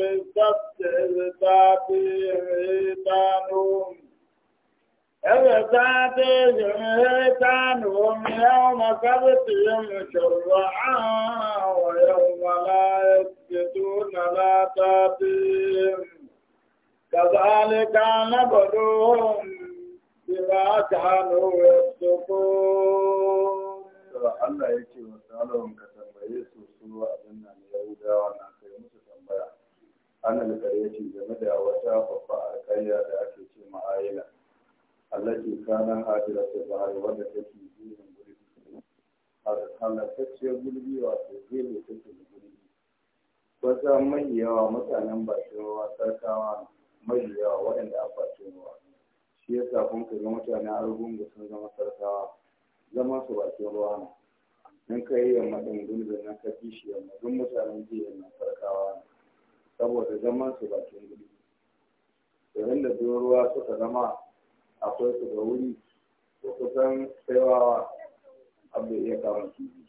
بالسبت إذ حيتانهم إذ تأتيهم حيتانهم يوم سبتهم شرعا ويوم لا يسبتون لا تأتيهم كذلك نبلوهم بما كانوا يفسقون. الله يكفي وسألهم كتب يسوع سوى أبنا اليهود annal karyati game da wata babba alƙarya da ake ce ma'ayila allati kana hadira ta bahari wanda take zirin gurbi halattacciyar gurbi wato zai take da gurbi wata mai yawa mutanen bakin ruwa sarkawa mai yawa waɗanda a bakin ruwa shi yasa kun kaga mutanen argungu sun zama sarkawa zama su bakin ruwa ne in kai yamma ɗin gulbin nan ka fi shi yamma duk mutanen jiya na sarkawa ne saboda zaman su bakin gudu domin da biyar ruwa suka zama akwai su da wuri da kusan saiwawa abu iya kama kifi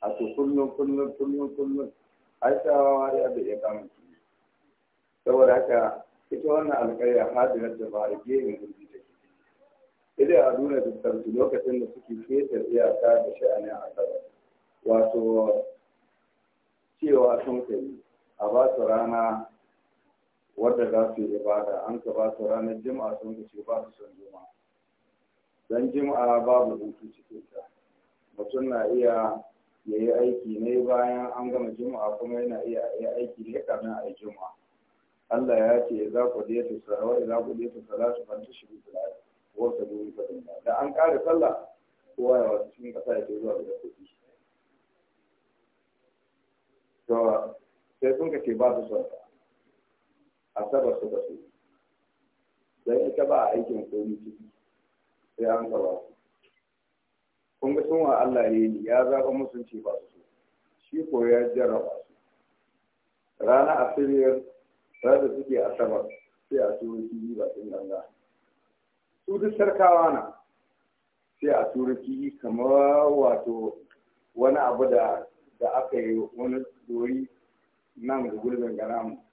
a su kullum kullum kullum kullum ai saiwawa ya abu iya kawon kifi saboda haka ita wannan alƙarya hadirar da ba a gerin da take idan a nuna dukkansu lokacin da suke keta iyaka da a asabar, wato cewa sun kai a ba su rana wadda za su yi ibada an ka ba su ranar jima'a sun ka ce ba su son jima'a don jima'a babu hutu cikin ta mutum na iya ya yi aiki ne bayan an gama jima'a kuma yana iya ya aiki ne kamin a yi jima'a Allah ya ce za ku je ta sarawa za ku je ta su fanta ta shiru da wata da an kare sallah kowa ya wasu cikin kasa ya ce zuwa ga kuɗi. sai sun ke ba su son a saba su da su don ita ba a aikin komi ciki sai an kawo. su kun ga sun wa Allah ya ya zaɓa musu ce ba su so shi ko ya jarraba su rana asiriyar rana suke asabar sai a turo kiyi ba sun ganga su duk sarkawa na sai a turo kiyi kamar wato wani abu da aka yi wani dori nan da gurbin ganamu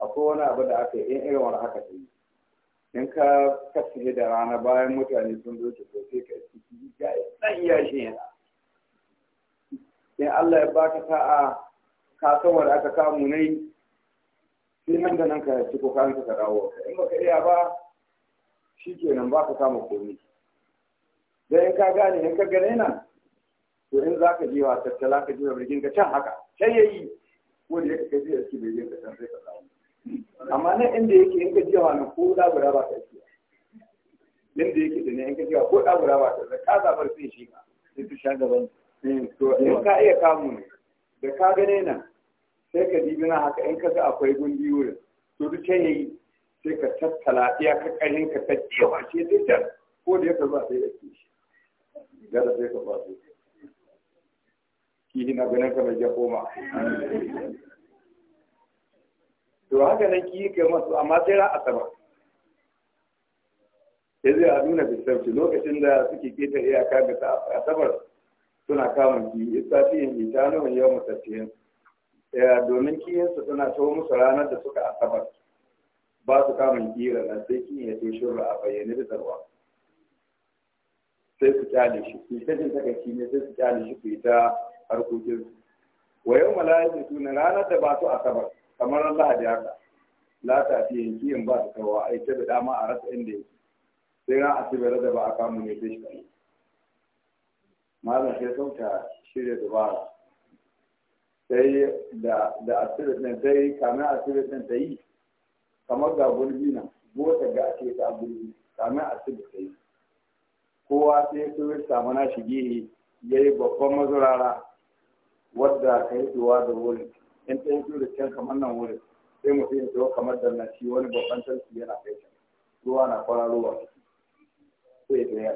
akwai wani abu da aka yi in irin wani haka ta yi in ka kasance da rana bayan mutane sun zo ki sai ka ciki ya dan ya shi yana in Allah ya baka sa'a ka san wanda aka kamu ne sai nan da nan ka ci ko kan ka dawo in baka iya ba Shi shikenan baka kama komai dan in ka gane in ka gane nan to in za ka je wa tattala ka je wa birgin ka can haka sai yayi ko da yake kai da shi bai je ka san sai ka samu amma nan inda yake in ka jiwa na ko da guda ba ta ciya inda yake da ne in ka jiwa ko da guda ba ta da ka zabar sai shi ka sai ta sha gaban eh, to in eh. ka iya kamu da ka gane nan sai ka ji na haka in ka ga akwai gundi wurin to duk can yayi sai ka tattala iya ka karin ka ta jiwa shi sai ko da yake ba sai da shi gara sai ka ba sai shi na ganin ka mai jakoma to haka nan kiyi kai masu amma sai ran asaba sai zai a nuna bisarci lokacin da suke keta iyaka ga asabar suna kama ki istafiyin itanu mai yawan mutattiyin domin su suna tawo musu ranar da suka asabar ba su kamun ra na sai kiyin ya ce shirra a bayyane da zarwa sai su kyale shi su ta ne sai su kyale shi ku yi ta harkokin su wa yau mala'iku tuna ranar da ba su asabar kamar ran lahadi haka la ta fi yanki in ba su kawo ai ta da dama a rasa inda yake sai ran asibar da ba a kamu ne sai shi kai malam sai sauta shirya dubara sai da da asibar din sai kamar asibar din ta yi kamar ga gurbi nan gota ga ake ta gurbi, kamar asibar ta yi kowa sai ya ya samu na shige ya yi babban mazurara wadda ka yi duwa da wuri in ta yi da can kamar nan wurin sai mutum ya zo kamar da nan shi wani babban tarki yana kai can ruwa na kwararowa sai ta yi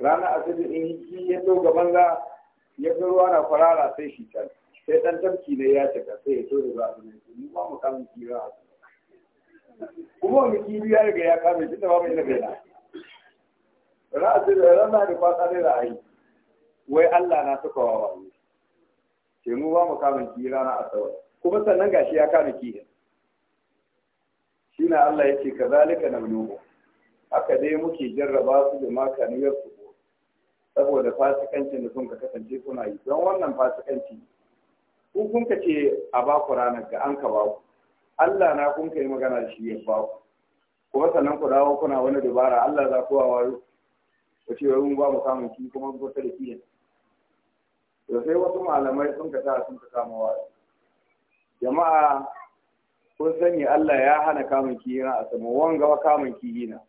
ranar asibiti in shi ya zo gaban za ya ga ruwa na kwarara sai shi can sai dan tarki ne ya cika sai ya zo da za su zama mu ba mu kamun kira a kuma wani kiri ya riga ya kame shi da ba mai na bai na ranar da kwasa ne ra'ayi wai Allah na suka wawa ne sai mu ba mu kamun kihi ranar asabar kuma sannan gashi ya kama Shi shine Allah ya ce kazalika namluhu haka dai muke jarraba su da makaniyar su saboda fasikancin da sun ka kasance suna yi don wannan fasikanci ku kun ka ce a ba ku ranar ga an ka ba ku Allah na kun ka yi magana da shi ya ba ku kuma sannan ku dawo kuna wani dubara Allah za ku wayo ku ce wai mun ba mu kamun ki kuma ku ta da kiyin to sai wasu malamai sun ka sun ka kama wa'azi jama'a kun sani Allah ya hana kamun kihina a sama wanga wa kamun kihina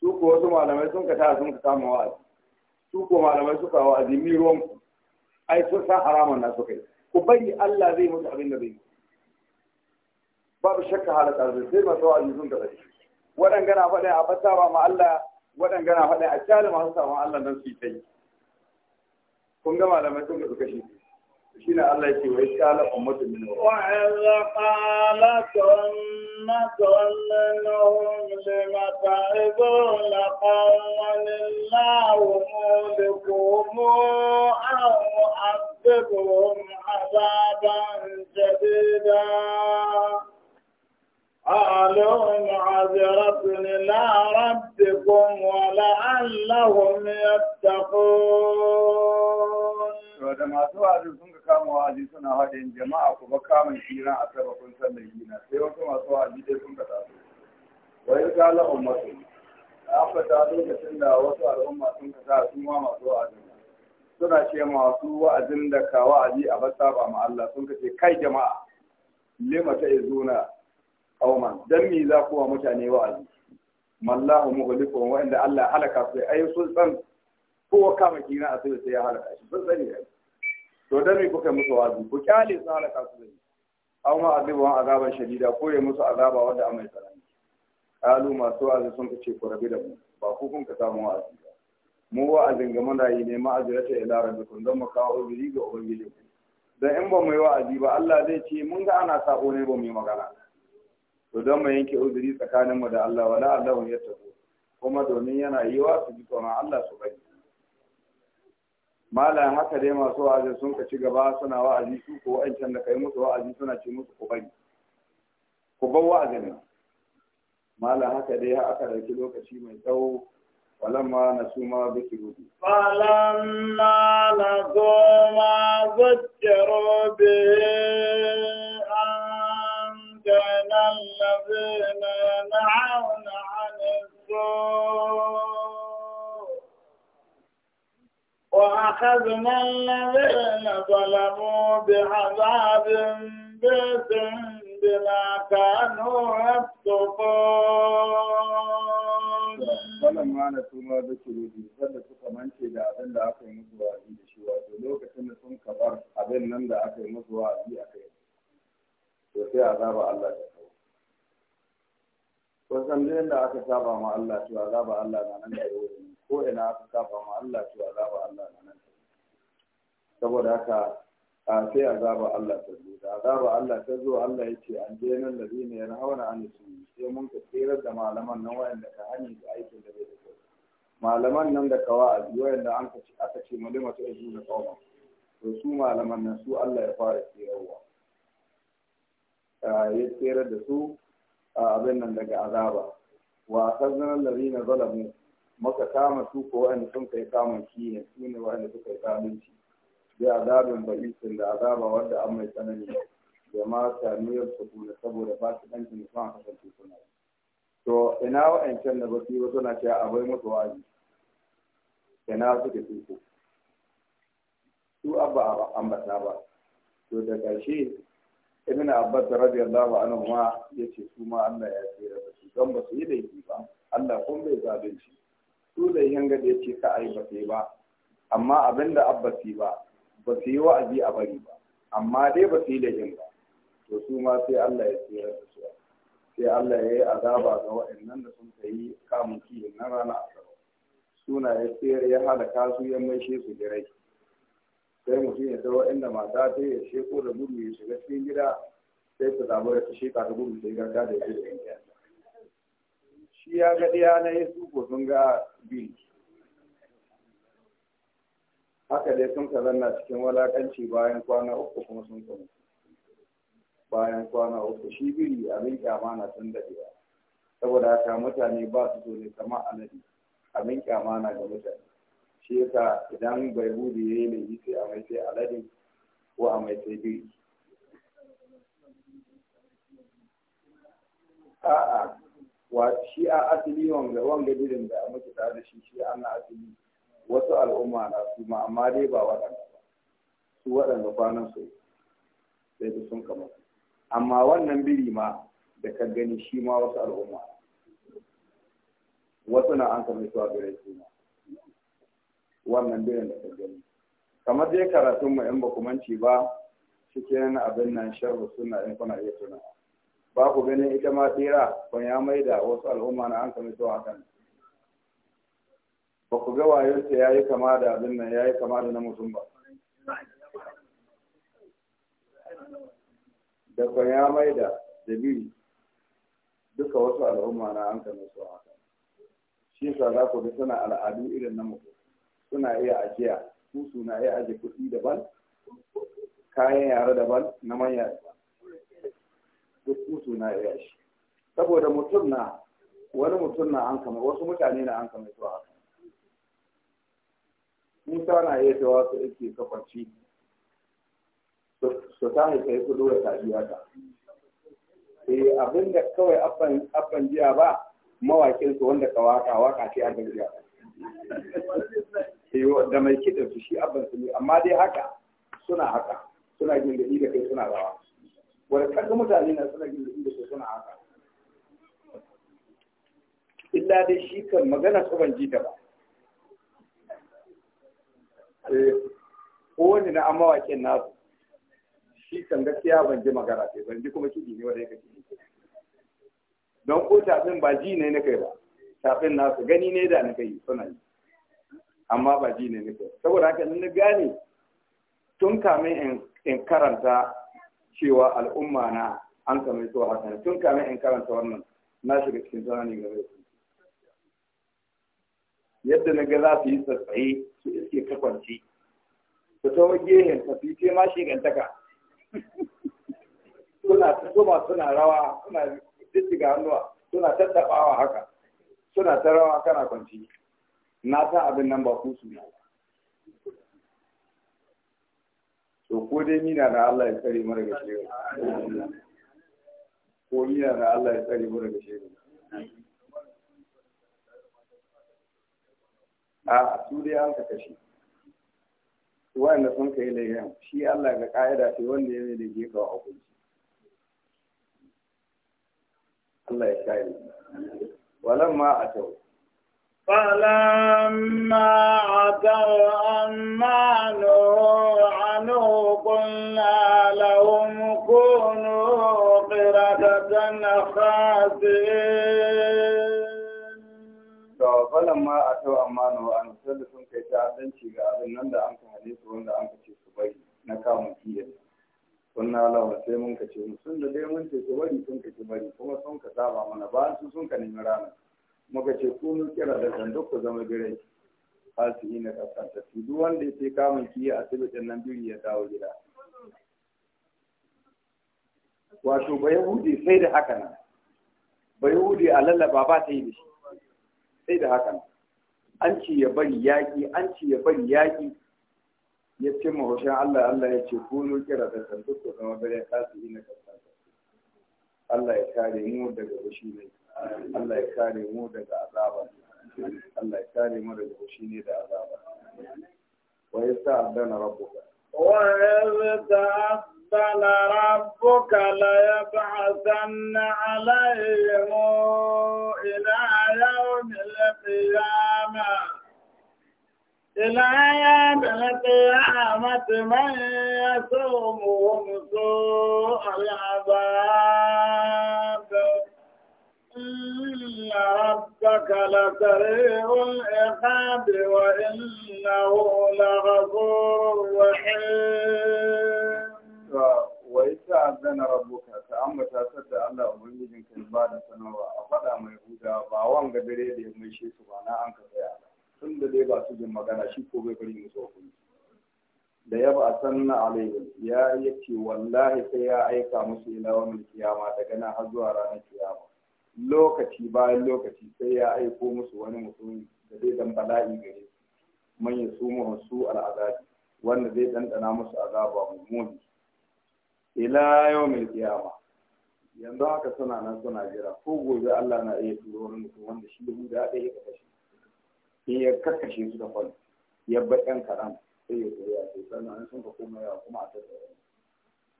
su ko wasu malamai sun ka sun ka kama wa'azi su ko malamai suka wa'azi mi ruwan ai sun san haraman na suka yi ku bari Allah zai mutu abin da zai yi babu shakka halaka zai sai masu wa'azi sun ka zai waɗanda na faɗin a fasawa ma Allah waɗanda na faɗin a kyalin masu sawan Allah don su yi ta yi kun ga malamai sun kasu kashi shi na Allah yake wa iskala ummatu min wa idza qalat ummatun minhum lima ta'ibun qawlan illahu mulikuhum aw azabhum azaban shadida أعلوا العذرة إلى ربكم ولعلهم يتقون da masu wa'azi sun ka kama wa'azi suna haɗin jama'a ku ba kamun kiran a sabakun sallar gina sai wasu masu wa'azi dai sun ka taso wai ka la masu? an fata lokacin da wasu al'umma sun ka sa su ma masu wa'azi suna ce masu wa'azin da ka wa'azi a basa ba ma Allah sun ka kai jama'a lima ta izuna qauman dan me za ku wa mutane wa'azi mallahu muhlikum wa inda Allah halaka su ai sultan san kowa kama kina a sai sai ya halaka shi sun sani ai to dan me kuka musu wa'azi ku kyale su halaka su zai aw ma azaban azaban shadida ko ya musu azaba wanda amai mai tsanani kalu masu wa'azi sun kace ku rabi da mu ba ku kun ka samu wa'azi ba mu wa'azin ga marayi ne ma'azirata ila rabbikum dan mu kawo uzuri ga ubangiji dan in ba mu yi wa'azi ba Allah zai ce mun ga ana sako ne ba mu yi magana to don mu yanke uzuri tsakaninmu da Allah wala Allahu ya tafi kuma domin yana yiwa su ji tsoron Allah su bari malam haka dai masu wa'azi sun ka ci gaba suna wa'azi su ko wa'ancan da kai musu wa'azi suna ce musu ku bari ku bar wa'azin malam haka dai aka dauki lokaci mai tsawo Walamma na suma biki rubi Walamma أخذنا الذين ظلموا بعذاب بئس بما كانوا يفسقون. ko ina aka saba ma Allah to azaba Allah na nan saboda haka a sai zaba Allah ta zo da zaba Allah ta zo Allah ya ce an je nan labi ne yana hauna an su sai mun ka tsirar da malaman nan wayanda ka hani da aikin da zai da malaman nan da kawa a wayanda an ka aka ce mu lima ta yi da kawa to su malaman nan su Allah ya fara tsirarwa ya tsirar da su a abin nan daga azaba wa akhazna allazina zalamu maka kama su ko wani sun kai kamun ne su ne wani suka yi zalunci bi azabin ba'isin da azaba wanda an mai tsanani da ma saniyar su saboda ba su ɗan cin kasance suna to ina wa'ancan da ba su yi ba suna cewa abai musu wani ina suke tuku. su abba ambata ba to da ƙarshe ibn abbas radiyallahu anhu ma yace su ma Allah ya tsira da su don ba su yi laifi ba Allah kun bai shi su da yanga da yace ka ai ba sai ba amma abinda abbasi ba ba su yi wa'azi a bari ba amma dai ba su yi ba to su ma sai Allah ya tsira da su sai Allah ya yi azaba ga waɗannan da sun kai kamun kihin na rana asabar suna ya tsira ya halaka su ya maishe su girai sai mutum ya zama inda mata ta ya sheko da gudu ya shiga cikin gida sai ta zamu da ta sheka da gudu sai garga da ya shi ya ga ɗaya na yi su ko sun ga biyu haka dai sun ka zanna cikin walakanci bayan kwana uku kuma sun ka bayan kwana uku shi biri abin kyama na tun daɗewa saboda haka mutane ba su so ne kama alade abin kyama na ga mutane shi yasa idan bai bude ya yi laifi sai a mai sai alade ko a mai sai biri a'a wa shi a asali wanga wanga birin da muke tare da shi shi ana asali wasu al'umma na su ma amma dai ba waɗanda ba su waɗanda kwanan su sai su sun kama amma wannan biri ma da ka gani shi ma wasu al'umma wasu na an kama su a gare su ma wannan birin da ka gani kamar dai karatun mu in ba ku manci ba cikin abin nan sharhu suna in kuna iya tunawa ba ku ganin ita ma tsira ban ya maida wasu al'umma na an kama su a kan ba ku ga wayonsa ya yi kama da abin nan ya yi kama da na mutum ba da ya mai da dabiri duka wasu al'umma na an kama su haka shi sa za ku ga suna al'adu irin na mutum suna iya ajiya su suna iya ajiye kuɗi daban kayan yare daban na manya daban duk su suna iya shi saboda mutum na wani mutum na an kama wasu mutane na an kama su haka musa na iya cewa su ake kafarci su ta haifa ya kudu da tafiya ta eh abin da kawai abban abban jiya ba mawakin su wanda ka waka waka ce abban jiya eh da mai kidan su shi abban su ne amma dai haka suna haka suna gindiri da kai suna rawa wani kaga mutane na suna gindiri da kai suna haka illa dai shi kan magana su ban ji ta ba Eh, ko wani na amma waƙin nasu shi kan gaskiya ban ji magana sai ban ji kuma kiɗi ne wanda yake kiɗi don ko tafin ba ji ne na kai ba tafin nasu gani ne da na kai suna yi amma ba ji ne na kai saboda haka na gane tun kamin in karanta cewa al'umma na an kame to haka tun kamin in karanta wannan na shiga cikin sanani game da yadda na ga za su yi tsatsaye su iske ka kwanci su tawo gehen ka fi ma shi gantaka suna ta zuma suna rawa suna diddiga hannuwa suna tattaɓawa haka suna ta rawa kana kwanci na san abin nan ba ku suna to ko dai mina Allah ya tsare mara ko mina Allah ya tsare mara a su dai an ka kashe wanda sun kai laifin shi Allah ga ka'ida sai wanda ya da ke kawo hukunci Allah ya kare walan ma a tau فلما عتوا عما نهوا عنه قلنا لهم كونوا قردة خاسئة falan ma a tau a an da sun kai ta'addanci ga abin nan da an ka hane su wanda an ka ce su bari na kamun sun na lawa sai mun ka ce sun da dai mun ce su bari sun ka ci bari kuma sun ka saba mana bayan su sun ka nemi ranar muka ce kunu kira da kan duk ku zama birai yi na kasanta duk wanda ya ce kamun a asibitin nan biri ya dawo gida wato ba yahudi sai da haka nan ba yahudi a lallaba ba ta yi da shi sai da hakan an ce ya bari yaƙi an ce ya bari yaƙi ya ce mahoshin Allah Allah ya ce kuno kira da sanduk ko zama bare su yi na kasa Allah ya kare mu daga fushi ne Allah ya kare mu daga azaba Allah ya kare mu daga fushi ne da azaba wa yasta'dana rabbuka wa yasta'dana قال ربك ليبعثن عليهم إلى يوم القيامة إلى يوم القيامة من يسومهم سوء العذاب إن ربك لسريع العقاب وإنه لغفور رحيم cewa wai ta azana rabuka ta ambata da Allah ubangijin ka ba da sanarwa a faɗa mai huda ba wanga dare da ya mai shi ba na an ka tsaya tun da dai ba su jin magana shi ko bai bari musu hukunci da ya ba sanna alaihi ya yace wallahi sai ya aika musu ila wannan kiyama daga nan har zuwa ranar kiyama lokaci bayan lokaci sai ya aiko musu wani mutum da zai dan bala'i gare su man ya su al'azabi wanda zai dandana musu azaba mummuni ila mai tsiyawa yanzu haka suna nan suna jira ko gobe Allah na iya turo wani mutum wanda shi Yahuda ɗaya ya kashe in ya kakkashe su da kwal ya bar ɗan karam sai ya tsaya sai sannan sun ka koma yawa kuma a tattara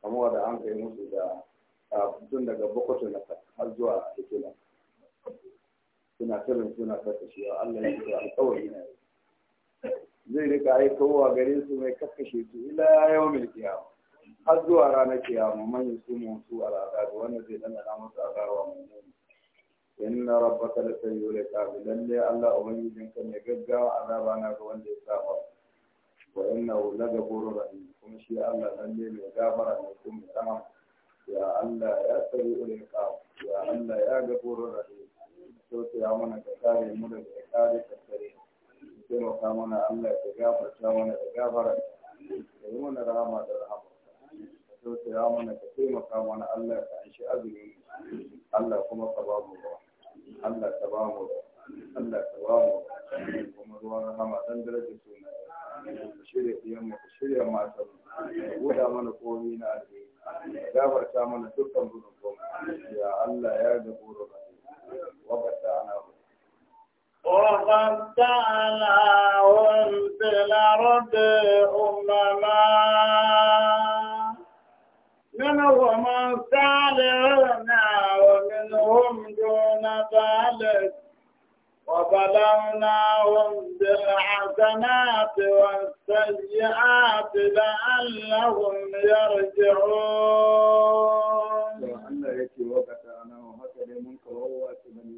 kamar wanda an kai musu da tun daga bakwato na har zuwa hikila suna tirin suna wa Allah ya ce alƙawari na zai rika aikowa gare su mai kakkashe su ila mai tsiyawa har zuwa ranar kiyama man su mu su al'adabi wanda zai dan da musu azaba mummuni inna rabbaka la sayyul iqab lalle Allah ubangijin ka ne gaggawa azaba na ga wanda ya saba wa na innahu ga ghafurur rahim kuma shi Allah lalle mai gafara ne kuma rahama ya Allah ya sayyul ka. ya Allah ya ga ghafurur rahim to sai mana ka kare mu daga kare kaskare sai mu ka mana Allah ya gafarta mana da gafara da yi mana rahama da rahama tausaya mana ka taimaka mana Allah ka anshi azumi Allah kuma ka ba mu ruwa Allah ka ba mu ruwa Allah ka ba mu kuma ruwan rahama dan daraja suna ka shirya ɗiyan mu ka shirya matan ka buɗa mana komi na alheri ka gafarta mana dukkan gudun ya Allah ya ga buru wakatta ana ومتعناهم في الأرض أمما منهم الصالحون ومنهم دون ذلك وبلوناهم بالحسنات والسيئات لعلهم يرجعون. الله يكي وقت انا وهكذا منكر هو بني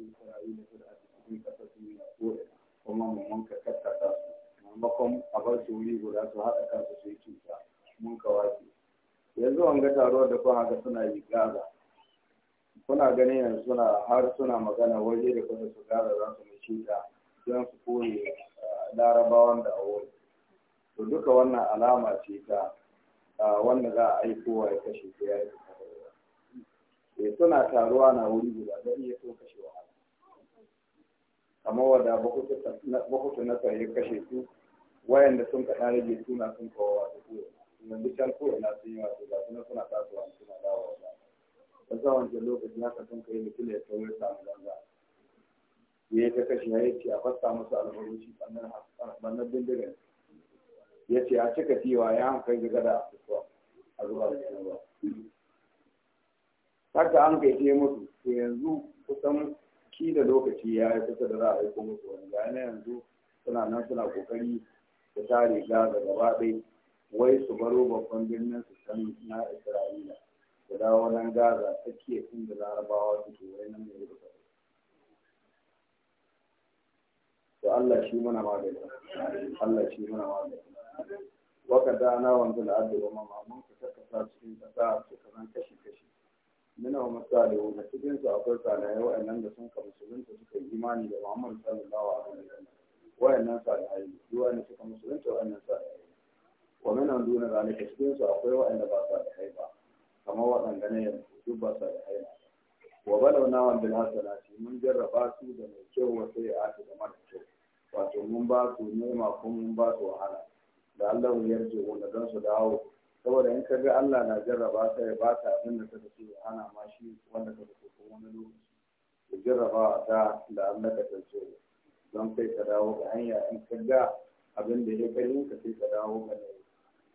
اسرائيل yanzu an ga taruwar da kuma haka suna yi gaza kuna ganin yanzu suna har suna magana waje da kuma su gaza za su mace ta don su koyi eh, larabawan da awon to duka wannan alama ce ta wanda za a aikowa ya kashe ta ya yi ya eh, suna taruwa na wuri guda don iya so kashe wahala kamar wadda bakwai na ya kashe su wayanda sun kaɗa rage suna sun kawo wasu kowa yanzu can ko ina sun yi wato ga suna suna tasowa suna dawowa ba ta sa lokaci lokacin haka sun kai mutum ya kawo ya samu banza ya yi ta kashe ya yi ce a fasta musu alfaruci ɓannan bindigan ya ce a cika tiwa ya hankali ga gada a fitowa a zuwa da shi ba haka an kai ce musu to yanzu kusan ki da lokaci ya yi kusa da za a aiko musu wani ga yanzu suna nan suna kokari da tare ga gaba ɗaya wai su baro babban birnin su can na isra'ila su dawo nan gaza tsakiya inda larabawa suke wai nan ne da to Allah shi mana magani Allah shi mana magani waka da na wanzu da addu ma mamun ka kasa cikin kasa su kaman kashi kashi muna wa misali wanda cikin su akwai salihai wa'annan da sun ka musulunta suka yi imani da Muhammad sallallahu alaihi wasallam wa'annan salihai wa'annan suka musulunta wa'annan salihai wa min an duna akwai waɗanda ba da haiba kamar waɗanda ne yanzu duk ba sa da haiba wa balawna wa bil hasanati mun jarraba su da mai kyau wa sai a da kyau wato mun ba su nema ko mun ba su wahala da Allah ya yarje wanda don su dawo saboda in ka ga Allah na jarraba ka ya baka abin da kake so ma shi wanda kake so ko wani lokaci ya jarraba ta da Allah ka tsaye don kai ka dawo ga hanya in ka ga abin da ya kai ka sai ka dawo ga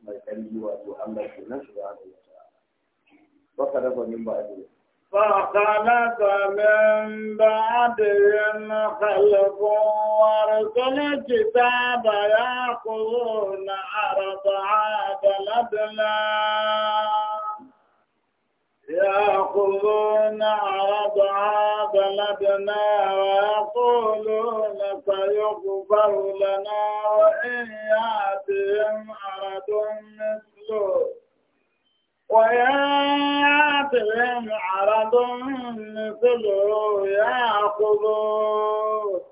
mai kalli wato Allah ke nan shiga da wata. Baka da gwanin ba a jiya. فخلق من بعدهم خلق ورسل الكتاب ياخذون يأخذون عرض هذا لدنا ويقولون سيغفر لنا وإن يأتهم عرض مثله وإن يأتهم عرض مثله يأخذوه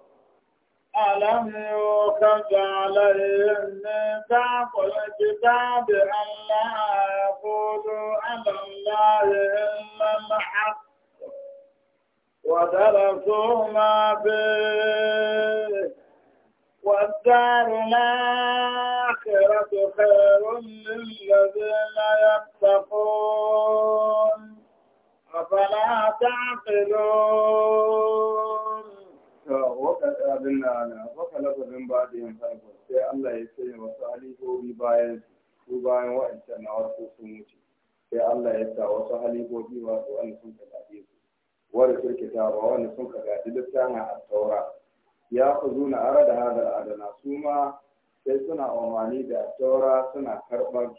ألم يوكد عليهم من ميثاق الكتاب أن لا يقولوا على الله إلا الحق ودرسوا ما فيه والدار الآخرة خير للذين يتقون أفلا تعقلون abin na na waka lafazin ba da yin harfa sai Allah ya sanya wasu halifobi bayan su bayan wa'ancan na wasu sun wuce sai Allah ya sa wasu halifobi wasu wani sun ka gaɗe su wani sun ka ba wani sun ka gaɗe littafin a taura ya ku zuna ara da hada adana su ma sai suna umarni da taura suna karɓar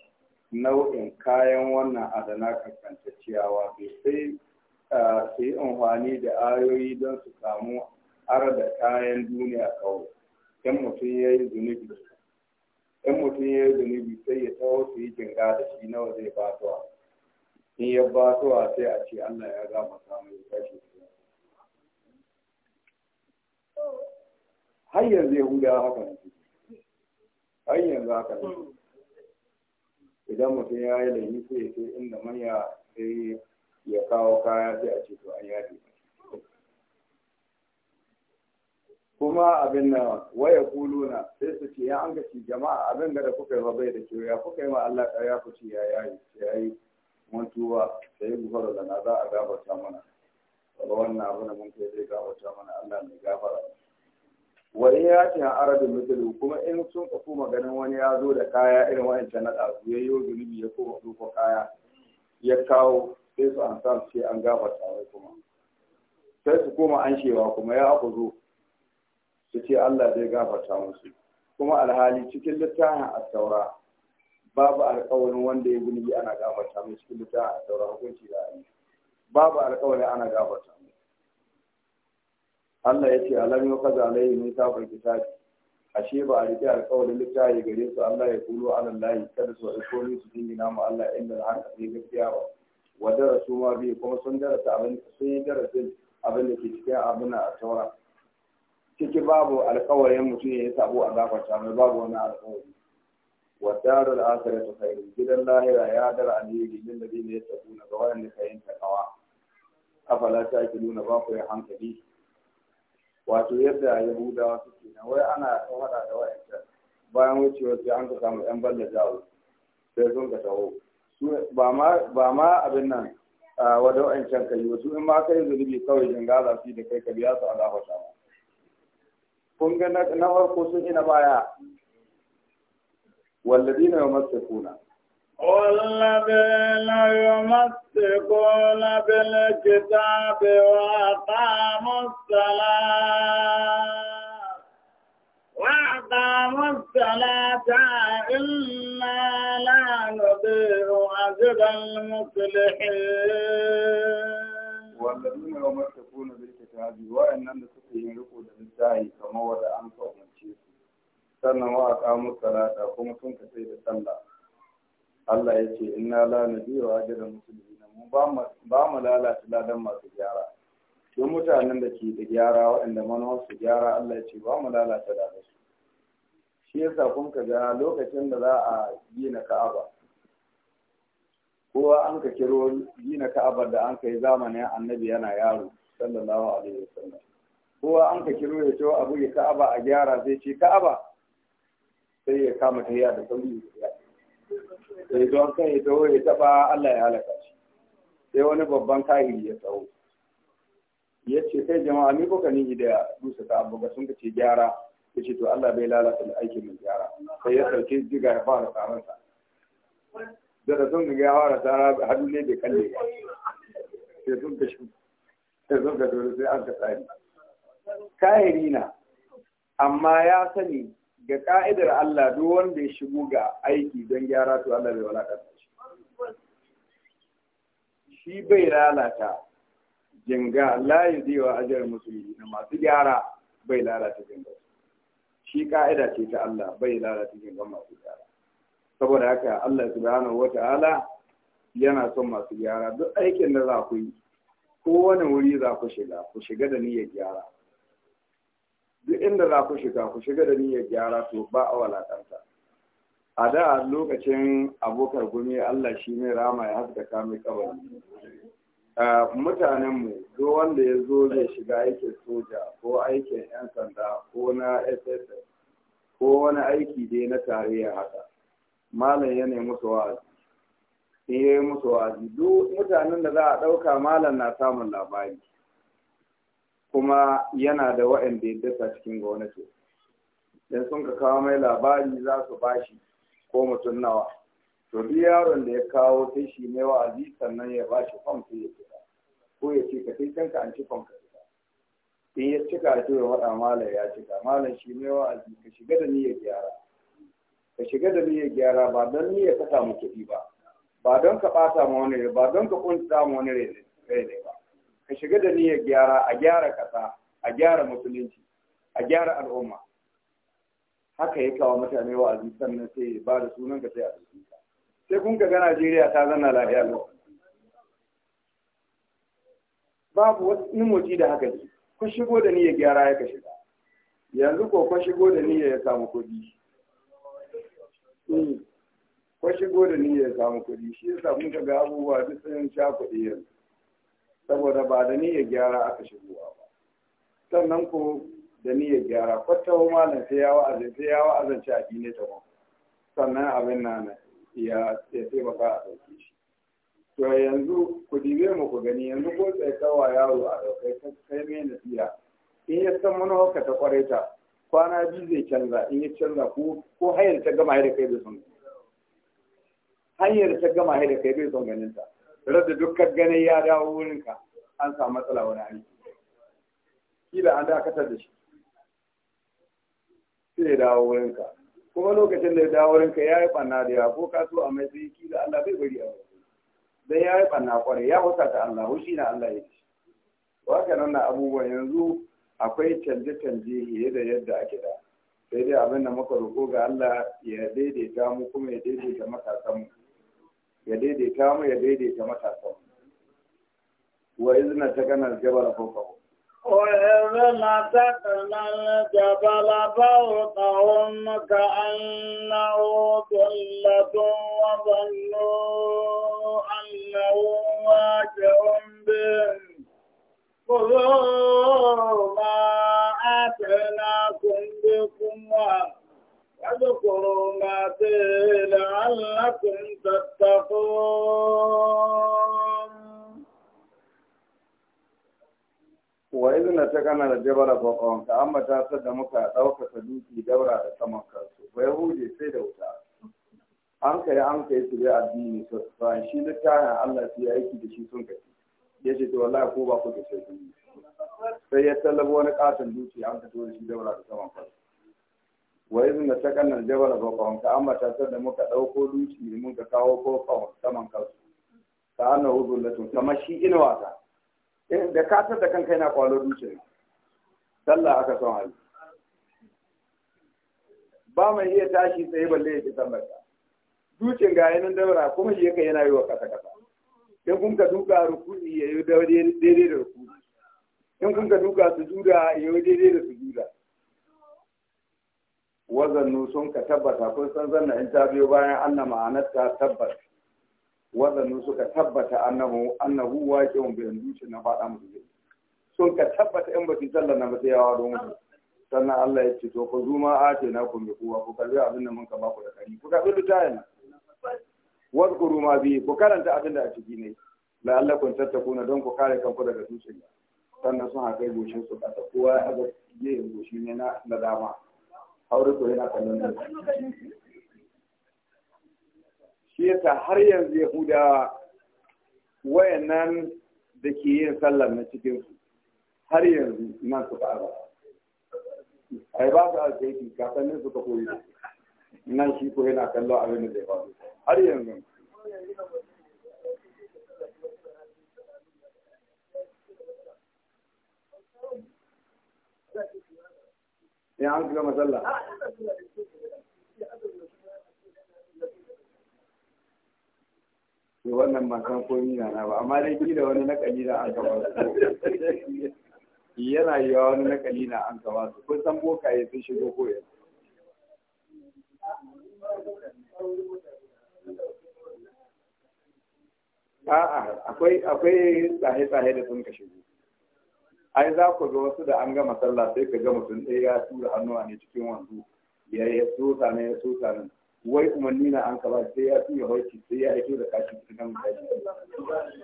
nau'in kayan wannan adana kankantacciya wato sai eh, su yi amfani da ayoyi don su samu har da kayan duniya kawai in mutum ya yi zunubi in mutum ya yi zunubi sai ya taho su yi jinga da shi nawa zai batuwa in ya sai a ce Allah ya gama samu ya kashe su har yanzu yahuda haka ne har yanzu haka ne idan mutum ya yi laifi sai ya ce inda manya sai ya kawo kaya sai a ce to an yaje kuma abin nan, waya kuluna sai su ce ya an gaci jama'a abin da kuka yi ba bai da kyau ya kuka yi ma Allah ya ku ce ya yayi ya yi mun tuba sai yi gufara da na za a gafarta mana daga wannan abu da mun kai zai gafarta mana Allah mai gafara wa in ya ce arabin mutulu kuma in sun kafu maganin wani ya zo da kaya irin wancan na ɗazu ya yi zunubi ya koma tsufa kaya ya kawo sai su an sa su ce an gafarta mai kuma sai su koma an shewa kuma ya aku zo su ce Allah zai gafarta musu kuma alhali cikin littafin attaura babu alƙawarin wanda ya gulbi ana gafarta musu cikin littafin attaura hukunci da ayi babu alƙawarin ana gafarta musu. Allah ya ce alam yau kaza alayhi min tafi kitabi ashe ba a riƙe alƙawarin littafi gare su Allah ya kulo alal lahi kada su aiko ni su dingina mu Allah inda haka sai gaskiya ba wa darasu ma bi kuma sun darasa abin sun yi darasin abin da ke cikin abin a taura ciki babu alkawarin mutum ya yi sabo a gafarta mai babu wani alkawari da al'asara ta kai gidan lahira ya dara da alheri ya ladina na ga wanda ka yin takawa afala ta ki nuna ba ku hankali wato yadda yahudawa suke nan wai ana hada da wa'ancan bayan wucewar sai an ka samu yan balle jawo sai sun ka taho ba ma abin nan wadda wa'ancan kai ba in ma kai zunubi kawai jinga za su da kai ka biya su a gafarta kun ga na farko sun والذين يمسكون والذين يمسكون بالكتاب وأقاموا الصلاة وأقاموا الصلاة إنا لا نضيع أجر المصلحين والذين يمسكون بالكتاب وإن littafi kamar wadda an ka su sannan wa aka musu rata kuma sun ka sai da sallah Allah ya ce inna la nabiyyu ajra muslimina mu ba mu lalata ladan masu gyara don mutanen da ke da gyara waɗanda manuwar su gyara Allah ya ce ba mu lalata ladan su shi yasa kun ka ga lokacin da za a gina Ka'aba kowa an ka kiro gina Ka'abar da an kai zamanin Annabi yana yaro sallallahu alaihi wasallam kowa an ka kiro ya ce a ya ka'aba a gyara zai ce ka'aba sai ya kama ta da sauri ya sai don kan ya taho ya taba Allah ya halaka shi sai wani babban kahiri ya tsawo ya ce kai jama'a ni kuka ni da dusa ta abu ga sun ka ce gyara ya ce to Allah bai lalata aikin mai gyara sai ya sauke jiga ya fara tsaron sa. da sun ga ya da tsara hannu ne bai kalle ba sai sun ka shi sai sun ka dole sai an ka tsari kayari na amma ya sani ga ka'idar Allah duk wanda ya shigo ga aiki don gyara to Allah bai walakanta shi shi bai lalata jinga layi zai wa ajiyar musulmi na masu gyara bai lalata jinga shi ka'ida ce ta Allah bai lalata jinga masu gyara saboda haka Allah subhanahu wata'ala yana son masu gyara duk aikin da za ku yi ko wani wuri za ku shiga ku shiga da niyyar gyara duk inda za ku shiga ku shiga da niyyar gyara to ba a walakanta a da lokacin abokar gumi Allah shi ne rama ya haskaka mai kabari mutanenmu duk wanda ya zo zai shiga aikin soja ko aikin 'yan sanda ko na ss ko wani aiki dai na tarayya haka malam ya nemi musu wa'azi ya yi musu duk mutanen da za a ɗauka malam na samun labari kuma yana da waɗanda ya dasa cikin gwamnati Idan sun ka kawo mai labari za su bashi ko mutum nawa to duk yaron da ya kawo sai shi ne aji sannan ya bashi fam sai ya fita ko ya ce ka kai kanka an ci fam ka fita in ya cika to ya faɗa malam ya cika malam shi ne aji ka shiga da niyyar gyara ka shiga da niyyar gyara ba don niyyar ka samu kuɗi ba ba don ka ɓata ma wani ba don ka kunta ma wani rai ne ka shiga da niyyar gyara a gyara kasa a gyara musulunci a gyara al'umma haka ya kawo mutane wa wa'azi sannan sai ba da sunan ka sai a ɗauki ka sai kun ga Najeriya ta zanna lafiya lau babu wasu motsi da haka ne kun shigo da niyyar gyara ya ka shiga yanzu ko kun shigo da niyyar ya samu kuɗi hmm. kwa shigo da niyyar ya samu kuɗi shi yasa mun ga abubuwa duk sun sha kuɗi yanzu saboda ba da niyyar gyara aka shigowa ba sannan ko da niyyar gyara kwatawa malam sai ya wa'azin sai ya wa'azin ci addini ta ba sannan abin na ya ka a sauke shi to yanzu ku dibe mu ku gani yanzu ko tsaye kawa yaro a daukai kai mai nasiya in ya san manuwarka ta kware ta kwana biyu zai canza in ya canza ko ko hayar ta gama hayar kai bai son hanyar ta gama kai bai son ganin ta rada dukkan ganin ya dawo wurinka an samu matsala wani aiki kila an dakatar da shi sai ya dawo wurinka kuma lokacin da ya dawo wurinka ya yi ɓanna da yawa ko ka so a mai sai kila Allah bai bari a dan ya yi ɓanna kwarai ya husa ta Allah hushi na Allah ya ce. waka nan na abubuwan yanzu akwai canje-canje fiye da yadda ake da sai dai abin da muka roƙo ga Allah ya daidaita mu kuma ya daidaita matasan mu ya daidaita mu ya daidaita matasan wa izna ta kana jabal fawqahu وإذ مسكنا الجبل فوقهم كأنه ظلة وظنوا أنه واجع بهم خذوا ما آتيناكم بقوة فاذكروا ما قيل لعلكم تتقون وإذ نتقنا الجبل فوقهم كأما تاسد مكا دوكة دوكي دورة سمكة ويهودي سيدة وتعالى an kai an kai su bi addini to ba shi littafin Allah su yi aiki da shi sun kai ya ce to wallahi ko ba ku da sai sai ya tallabo wani katon duki an ka tura shi daura da saman farko wa izin da ta kannan jabal bakon ka amma ta da muka ɗauko dutse mun ka kawo kawo saman kansu ka hana hudu tun kamar shi ina wata eh, da ka da kanka yana kwalo dutse sallah aka son hali ba mai iya tashi tsaye balle ya ci sallar ka dutsen ga yanin daura kuma shi yake yana yi wa kasa kasa in kun ka duka rukuni ya yi daidai da rukuni in kun ka duka su juda ya yi daidai da su juda wazannu sun ka tabbata kun san zanna in ta biyo bayan anna ma'anar ta tabbat wazannu suka tabbata annahu annahu waqi'un bi anduci na faɗa musu sun ka tabbata in ba su sallar na ba sai yawa don musu sannan Allah ya ce to ku zuma a ce na ku mai kowa ku karbi abin da mun ka ba ku da kari ku karbi litayin wazkuru ma bi ku karanta abin da a ciki ne la'allakum tattakuna don ku kare kanku daga dushe sannan sun haƙai goshin su ta kowa ya haɗa gehen goshi ne na dama aure ko yana kallon nan shi yasa har yanzu yahudawa wayannan da ke yin sallar na cikin su har yanzu nan su ba ba ai ba su alkaiti kasannin su ka koyi nan shi ko yana kallon abin da zai faru har yanzu Thank you. ya an ah, shiga matsala to wannan ba komi na na ba amma dai kila wani na na an gaba su yana yiwa wani na na an gaba su kun san ya sun shigo koya. a'a akwai akwai tsahe-tsahe da sun ka shigo ai za ku ga wasu da an gama sallah sai ka ga mutum ɗaya ya tura hannuwa ne cikin wanzu ya ya tsotsa ne ya tsotsa ne wai umarni na an kaba sai ya tura hoci sai ya aiki da kashi cikin kashi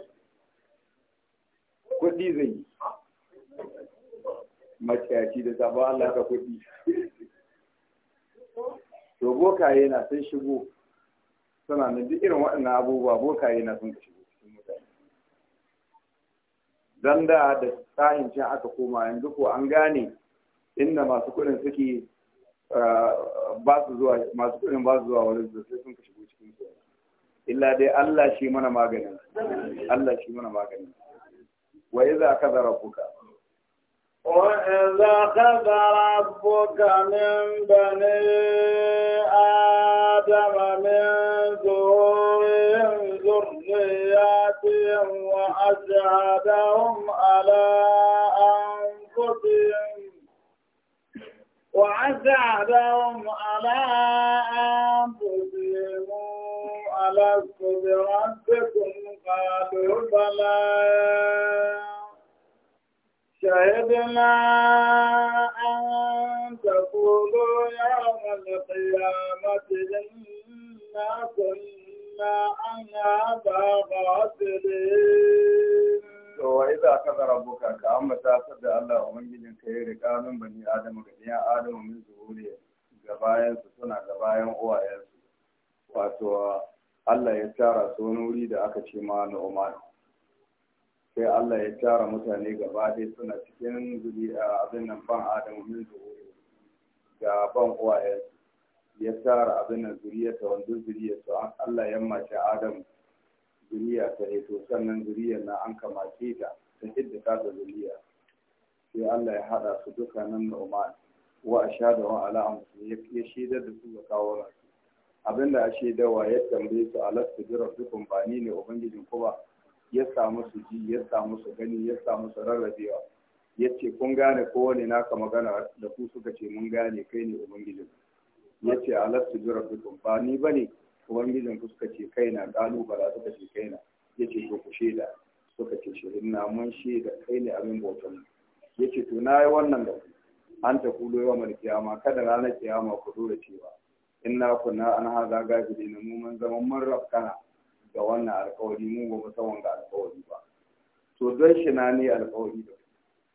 kuɗi zai yi maciyaci da sabon Allah ka kuɗi to bokaye na sun shigo suna nan duk irin waɗannan abubuwa bokaye na sun shigo don da da tsayin can aka koma yanzu ko an gane inda masu kudin suke eh, ba su zuwa masu kudin ba su zuwa wani da sai sun kashe cikin su illa dai Allah shi mana maganin Allah shi mana maganin wa iza kaza rabbuka وإذا أخذ ربك من بني آدم جهدهم على أنفسهم وعزعهم على أنفسهم ألست بربكم قالوا بلى شهدنا أن تقولوا يوم القيامة إنا كنا عن هذا غافلين to wa iza kaza rabbuka ka ta sadda Allah ubangijin ka yi rikalin bani Adam ga ɗiyan Adam min zuhuri ga bayan su suna ga bayan uwayen su wato Allah ya tara su wani wuri da aka ce ma Nu'man sai Allah ya tara mutane gaba dai suna cikin zuri a abin nan ban Adam min zuhuri ga ban uwayen su ya tara abin nan ta wanda zuriyarsa Allah ya mace Adam zuriya ta to sannan zuriyar na an kamace ta ta hidda ta zuriya sai Allah ya hada su duka nan da Oman wa a sha da wa'ala ya shaidar da su ga kawo abinda a shaidawa ya tambaye su a su jira dukkan ba ni ne ubangijin ku ba ya samu su ji ya samu su gani ya samu su rarrabewa ya ce kun gane kowane naka magana da ku suka ce mun gane kai ne ubangijin ya ce a lasta jira dukkan ba ni ba ne ubangijin ku suka ce kaina kalubala suka ce kaina ya ce to ku shaida suka ce shirin na mun shaida kai ne abin bautan ya ce to na yi wannan da an ta kulo yawa mai kiyama kada ranar kiyama ku dora cewa in na kunna an haza gafili ne mu mun zama mun rafkana ga wannan alkawari mu ba mu san wanga alkawari ba to don shi na ne alkawari da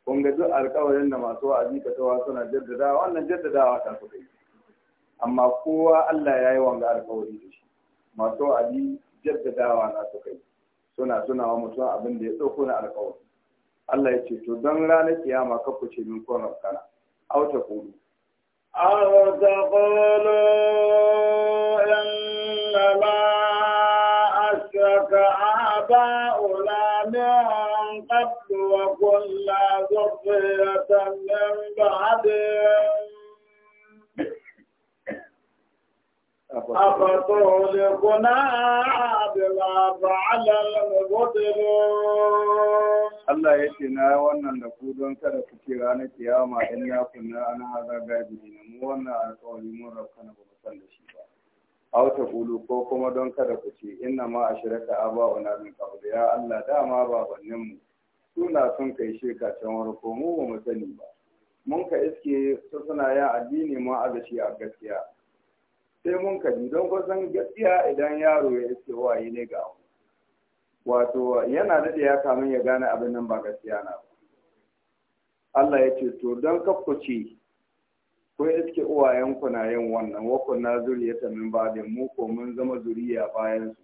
kun ga duk alkawarin da masu wa'azi ka tawa suna jaddadawa wannan jaddadawa ta suka yi amma kowa Allah ya yi wanga alkawari da shi masu abi jaddadawa na su kai suna suna wa mutum abin da ya ɗauko na alkawari Allah ya ce to don ranar kiyama ka kuce min konar kana auta kudu أو أفتهلكنا بما فعل المبطلون Allah ya ce na wannan da don kada ku ce ranar kiyama in na kunna an haza gaji ne mu wannan alƙawari mun da shi ba aw kulu ko kuma don kada ku ce inna ma ashraka aba'una min qabl ya Allah dama babannin mu suna son kai sheka can warko mu ba mu ba mun ka iske su suna addini mu a gashi a gaskiya sai mun kaji don kusan gaskiya idan yaro ya ce waye ne ga abu wato yana daɗe ya kamun ya gane abin nan ba gaskiya na ba Allah ya ce to don kafkuce ko iske uwayenku na yin wannan wakon na zuriyata min ba da mu ko mun zama zuriya bayan su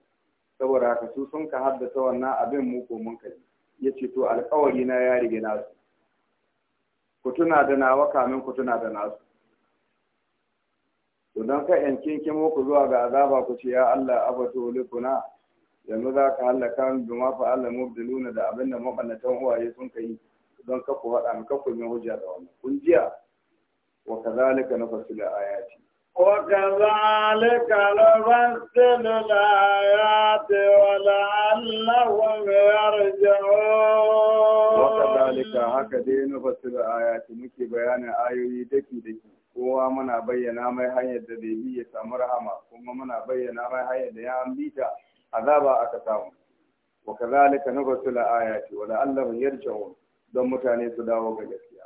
saboda haka su sun ka haddasa wannan abin mu ko mun kaji ya ce to alkawari na ya rige nasu ku tuna da nawa kamin ku tuna da nasu to don ka in kinkimo ku zuwa ga azaba ku ce ya Allah abatu likuna yanzu za ka halaka da ma fa Allah mubdiluna da abin da maɓallatan uwaye sun kai don ka ku haɗa mu ka ku yi hujja da wannan kun jiya wa kazalika da ayati Wa وكذلك نفصل Wa ولعلهم haka dai na نفصل bayyana mai hanyar da zai bi ya samu rahama kuma muna bayyana mai hanyar da ya an bi ta azaba aka samu wa kazalika la ayati wa la'allahum yarji'un don mutane su dawo ga gaskiya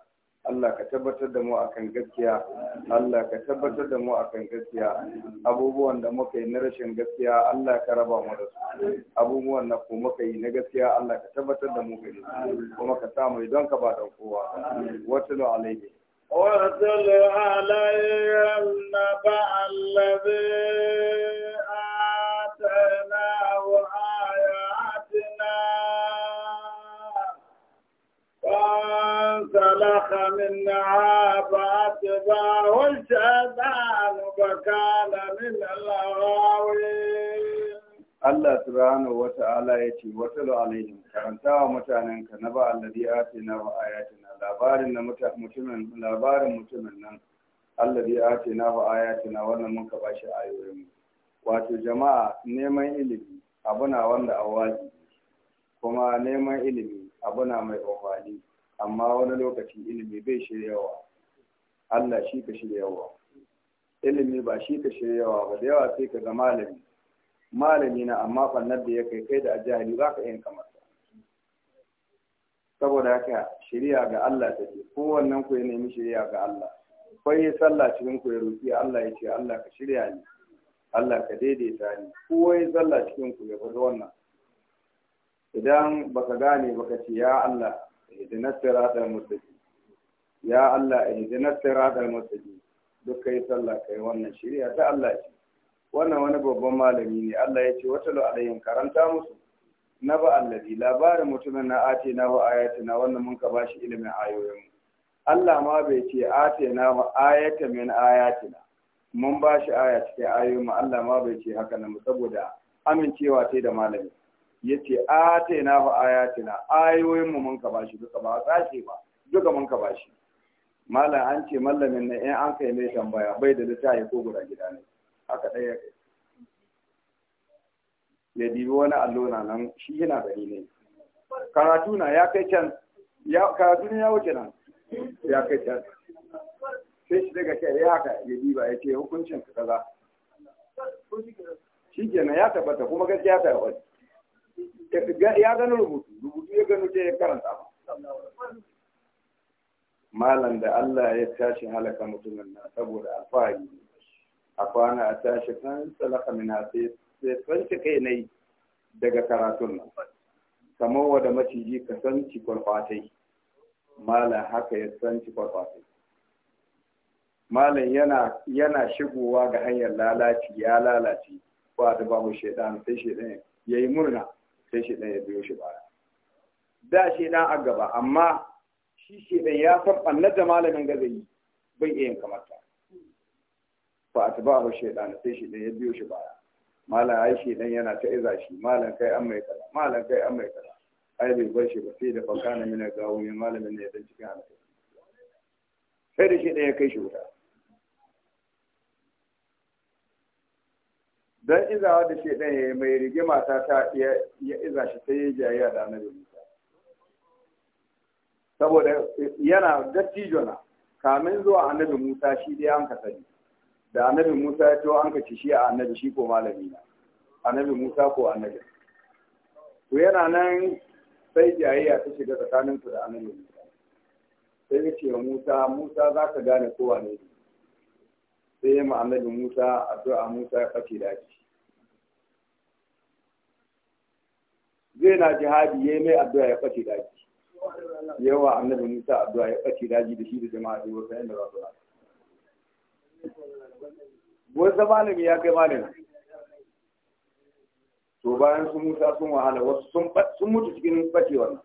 Allah ka tabbatar da mu akan gaskiya Allah ka tabbatar da mu akan gaskiya abubuwan da muka yi na rashin gaskiya Allah ka raba mu da su abubuwan da kuma muka yi na gaskiya Allah ka tabbatar da mu gari kuma ka samu idan ka ba dan kowa wasu alaihi واتل علي النبا الذي آتيناه آياتنا وانسلخ منها فأتبعه الشيطان فكان من الغاوين Allah subhanahu wa ta'ala ya ce wata alaihim karanta wa mutanen ka na ba alladhi atina wa ayatina labarin na mutumin labarin mutumin nan alladhi atina wa ayatina wannan mun ka bashi ayoyin wato jama'a neman ilimi abuna wanda awaji kuma neman ilimi abuna mai amfani amma wani lokaci ilimi bai shiryawa Allah shi ka shiryawa ilimi ba shi ka shiryawa ba da yawa sai ka ga malami malami na amma fannar da ya kai kai da ajali ba ka yin kamar saboda haka shari'a ga Allah ta ce kowannen ku ya nemi shari'a ga Allah kai ya sallah cikin ku ya roƙi Allah ya ce Allah ka shirya ni Allah ka daidaita ni kowa ya sallah cikin ku ya faɗi wannan idan baka gane baka ce ya Allah ihdinas siratal mustaqim ya Allah ihdinas siratal mustaqim duk kai sallah kai wannan shari'a ta Allah ce wannan wani babban malami ne Allah ya ce wata alayhim karanta musu na ba allazi labarin mutumin na ate na wa na wannan mun ka bashi ilimin ayoyin Allah ma bai ce ate na wa ayata min ayatina mun bashi aya cikin ayoyin mu Allah ma bai ce haka nan saboda amincewa sai da malami yace ate na wa ayatina ayoyin mu mun ka bashi duka ba sashi ba duka mun ka bashi malam an ce mallamin na in an kai mai tambaya bai da littafi ko guda gida ne haka ɗaya ya dibi wani allo na nan shi yana gani ne karatu na ya kai can karatu ne ya wuce nan ya kai can sai shi daga kai ya haka ya diba ya ce hukuncin ka kaza shi kenan ya tabbata kuma gaskiya ta yawa ya gano rubutu rubutu ya gano ce ya karanta malam da Allah ya tashi halaka mutumin na saboda alfahari a kwana a tashi kan salaka mina sai sai tsanci kai nai daga karatun nan kamar wanda maciji ka san ci kwarfatai malam haka ya san ci kwarfatai malam yana yana shigowa ga hanyar lalaci ya lalace ba da babu shaidan sai shaidan ya yi murna sai shaidan ya biyo shi baya da shaidan a gaba amma shi shaidan ya san ɓannar da malamin gaza bai iya yin kamar ta fa atba'ahu shaytan sai shi dan ya biyo shi baya malam ai shi dan yana ta iza shi malam kai an mai kaza malam kai an mai kaza ai bai bar shi ba sai da fakana min gawo mai malamin ne dan cikin halaka sai da shi dan ya kai shi wuta dan izawa da shi dan yayi mai rigima ta ta ya iza shi sai ya jayya da annabi Musa saboda yana dattijona kamin zuwa annabi Musa shi dai an ka sani da annabi Musa ya to an kace shi a annabi shi ko malami na annabi Musa ko annabi to yana nan sai jayayya ta shiga tsakanin su da annabi Musa sai ya ce Musa Musa za ka gane ko wane sai ya ma annabi Musa addu'a Musa ya kace da shi zai na jihadi yayi mai addu'a ya kace da shi yawa annabi Musa addu'a ya kace da shi da shi da jama'a da wasu yanda ba su wasa malami ya kai malami to bayan sun musa sun wahala wasu sun mutu cikin bacewar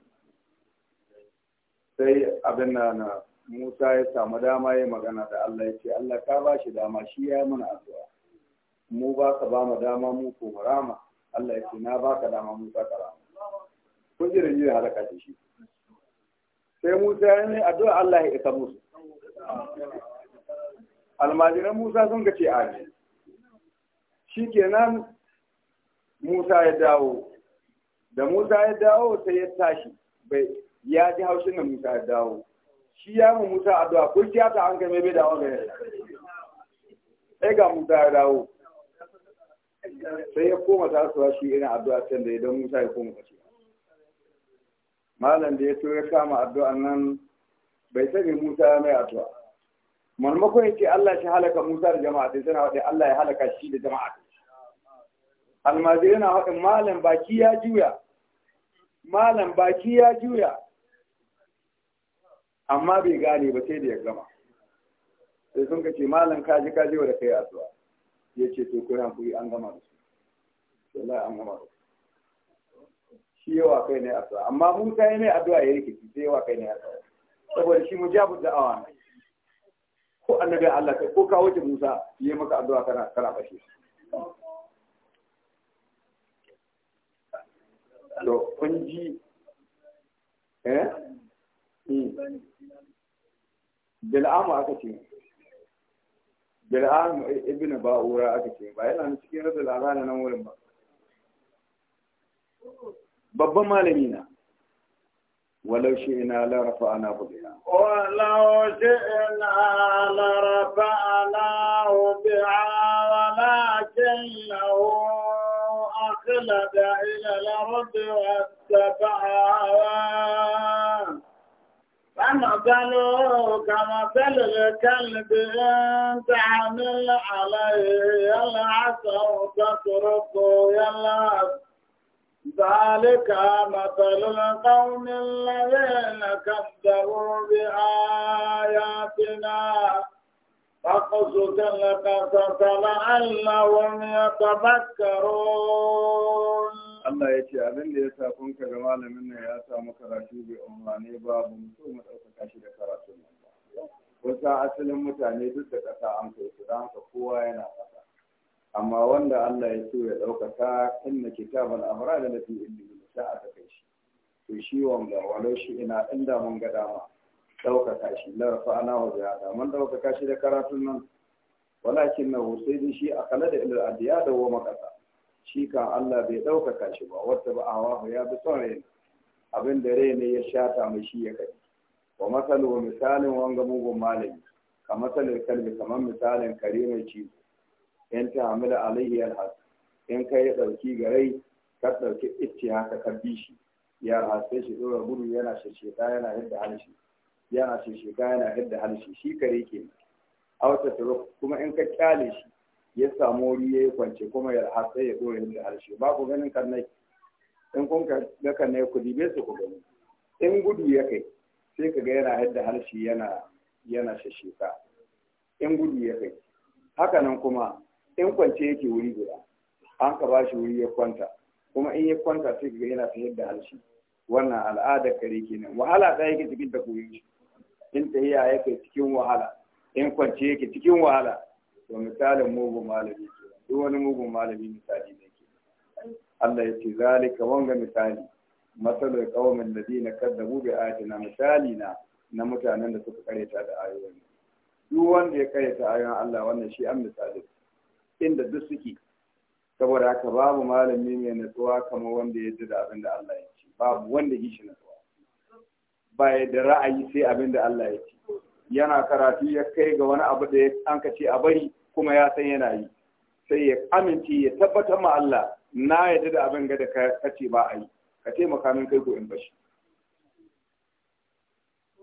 sai abin na na musa ya samu dama ya magana da allah ya ce allah ka ba shi dama shi ya mana addu'a mu ba ka ba mu dama mu ko marama allah ya ce na ba ka dama mu ka rama kun ji da da halaka shi sai musa ya ne addu'a allah ya isa musu almajiran Musa sun ga ce aji shi kenan Musa ya dawo da Musa ya dawo sai ya tashi bai ya ji haushin da Musa ya dawo shi ya mu Musa addu'a ko ya ta an kai mai bai dawo ga sai ga Musa ya dawo sai ya koma tasowa shi irin addu'a can da idan Musa ya koma kace malam da ya so ya kama addu'a nan bai sani Musa ya mai addu'a marmakon yake Allah shi halaka Musa da jama'a sai suna wadda Allah ya halaka shi da jama'a almaziri na malam baki ya juya malam baki ya juya amma bai gane ba sai da ya gama sai sun kace malam kaji kaji wa da kai asuwa ya ce to kuna kuyi an gama da su wallahi an gama da su shi yawa kai ne asuwa amma Musa ya mai addu'a ya rikici sai yawa kai ne asuwa saboda shi mujabu da'awa ne ko annabi Allah kai ko kawo ki Musa yi maka addu'a kana kana bashi to kun ji eh hmm. bil'amu aka ce bil'amu ibnu ba'ura aka ce ba yana cikin rabbul alamin nan wurin ba babban malami na ولو شئنا لرفعنا بها ولو شئنا لرفعناه بها ولكنه أخلد إلى الأرض واتبع فمثله كمثل الكلب إن تحمل عليه يلعث وتتركه تتركه يلعث ذلك مثل القوم الذين كذبوا بآياتنا فقصد القصص لعلهم يتفكرون Allah ya ce abin da ya sa kunka ga malamin nan ya sa maka karatu bai umarni babu ba mu ɗaukaka shi da karatun nan ba. Wasu asalin mutane duk da ƙasa an kai su don kowa yana ƙasa. amma wanda Allah ya so ya ɗaukaka inna kitabal amra da lafi ilmi sai aka kai shi to shi wanda walau shi ina inda mun ga dama ɗaukaka shi la rafa'ana wa ziyada mun ɗaukaka shi da karatun nan walakin na sai dai shi a kala da ilal adiya da wa makasa shi kan Allah bai ɗaukaka shi ba wata ba awa ya bi son rai abin da rai ne ya shata mai shi ya kai wa masalu misalin wanga mugun malami ka masalin kalbi kamar misalin kare mai cizo in ta hamila alaihi alhas in kai ya ɗauki garai ka ɗauki ittiya ka karbi shi ya sai shi ɗora gudu yana shisheka yana hidda halshi yana shisheka yana hidda halshi shi kare ke auta turuk kuma in ka kyale shi ya samu wuri ya yi kwance kuma ya sai ya ɗora hidda halshi ba ku ganin kannai in kun ga kannai ku dibe su ku gani in gudu ya kai sai ka ga yana hidda halshi yana yana shisheka in gudu ya kai haka nan kuma in kwance yake wuri guda an ka bashi wuri ya kwanta kuma in ya kwanta sai ga yana ta yadda harshe wannan al'adar kare kenan wahala ta yake cikin takoyin shi in ta tahiya yake cikin wahala in kwance yake cikin wahala to misalin mugun malami ke duk wani mugun malami misali ne ke Allah ya ce zalika wanga misali masalul qaumin ladina kadzabu bi ayatina misali na na mutanen da suka kareta da ayoyin duk wanda ya kareta ayoyin Allah wannan shi an misali inda duk suke saboda haka babu malami mai natsuwa kamar wanda ya ji da abin da Allah ya ce babu wanda yi shi natsuwa ba ya da ra'ayi sai abin da Allah ya ce yana karatu ya kai ga wani abu da an ka ce a bari kuma ya san yana yi sai ya amince ya tabbatar ma Allah na yadda da abin ga da ka ce ba a yi ka taimaka min kai ko in bashi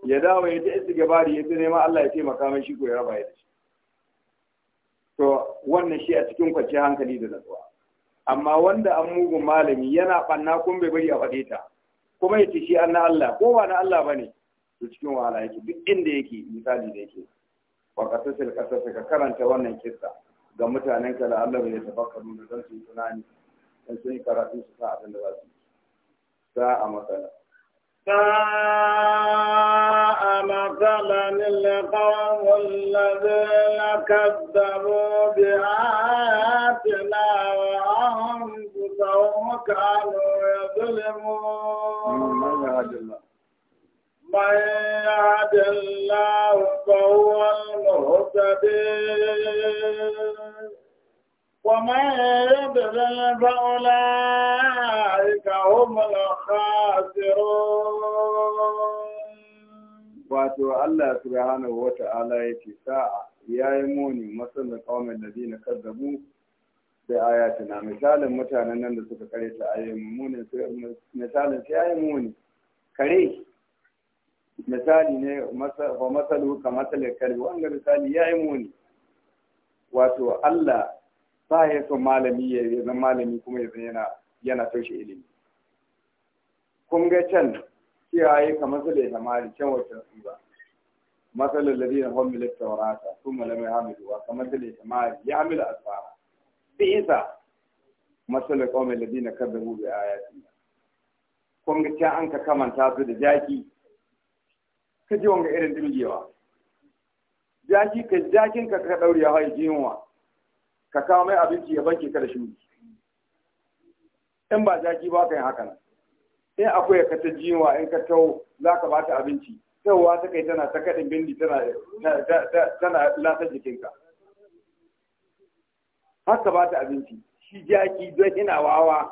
ya dawo ya ji gabari ya ta nema Allah ya taimaka min shi ko ya raba ya da shi to wannan shi a cikin kwanciyar hankali da natsuwa amma wanda an mugun malami yana banna kun bai bari a faɗe ta kuma ya ce shi an na Allah ko ba na Allah bane to cikin wahala yake duk inda yake misali da yake wa qasasil qasasa ka karanta wannan kissa ga mutanen ka da Allah bai tafakkaru da zan su tunani dan sun yi karatu su sa abin da za su sa a matsala sa a مثلا القوم الذين كذبوا بآياتنا وأنفسهم كانوا يظلمون من يهد الله فهو المهتدي ومن يضلل فأولئك هم الخاسرون wato Allah subhanahu wa ta'ala ya ce sa'a ya yi muni masalin kawai da zina kazzabu da ayatina misalin mutanen nan da suka kare ta ayoyin muni misalin sai yi muni kare misali ne wa matsalu ka masalin kare wanda misali ya yi muni wato Allah ba ya son malami ya zan malami kuma ya zan yana taushe ilimi kun ga can cewa yi kamar su da samari kyan wacce su ba Matsalar da masalar ladina hamila taurata sun malamai ba. kamar su da samari ya hamila tsara bi isa masalar kawai kada kan da ya a ba kun ga can an ka kamanta su da jaki ka ji wanga irin dimgewa jaki ka jakin ka ka daure ya haji yunwa ka kawo mai abinci ya banke ka da shi in ba jaki ba ka yi haka nan in akwai ka ta jiwa in ka tau za ka bata abinci tauwa ta kai tana ta kaɗin bindi tana lasa jikinka ka bata abinci shi jaki don ina wawa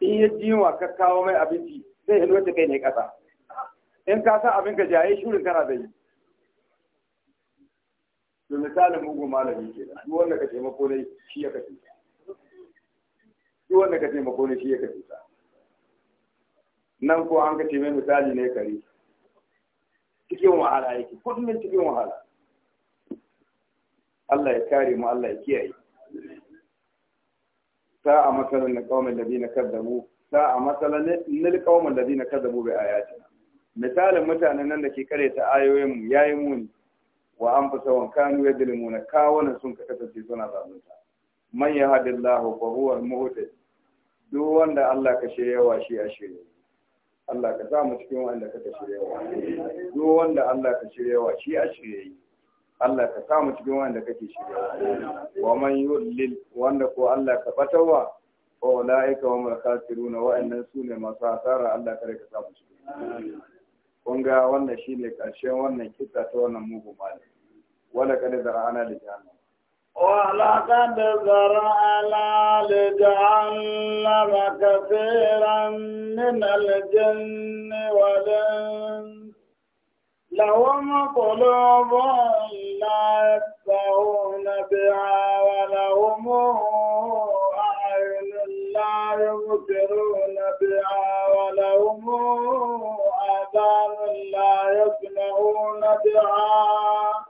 in yi jiwa ka kawo mai abinci sai ya wata kai ne ƙasa in ka san abin ka jaye shurin kana da yi to misalin mugun malami ke da wanda ka taimako dai shi ya kashe shi wanda ka taimako ne shi ya kafi ta nan ko an ka taimai misali ne kare cikin wahala yake ne cikin wahala Allah ya kare mu Allah ya kiyaye sa'a masalan na ladina kadzabu sa'a masalan liqaumin ladina bai a yaji. misalin mutanen nan da ke ta ayoyin ya yi muni wa an fi anfusahum kanu na kawunan sun kasance suna zamunta man yahdillahu lahu huwa al duk wanda Allah ka shiryawa shi a shirye Allah ka sa mu cikin wanda ka shiryawa duk wanda Allah ka shiryawa shi a shirye Allah ka sa mu cikin wanda kake shiryawa wa man yudlil wanda ko Allah ka batawa wa ulaika hum al-khasiruna wa'annan annan sune masu hasara Allah kare ka sa mu cikin kun ga wannan shine karshen wannan kissa ta wannan mugu malam wala kada ana da jahannam ولقد ذرأنا لجهنم كثيرا من الجن والإنس لهم قلوب لا يفقهون بها ولهم أعين لا يبصرون بها ولهم آذان لا يسمعون بها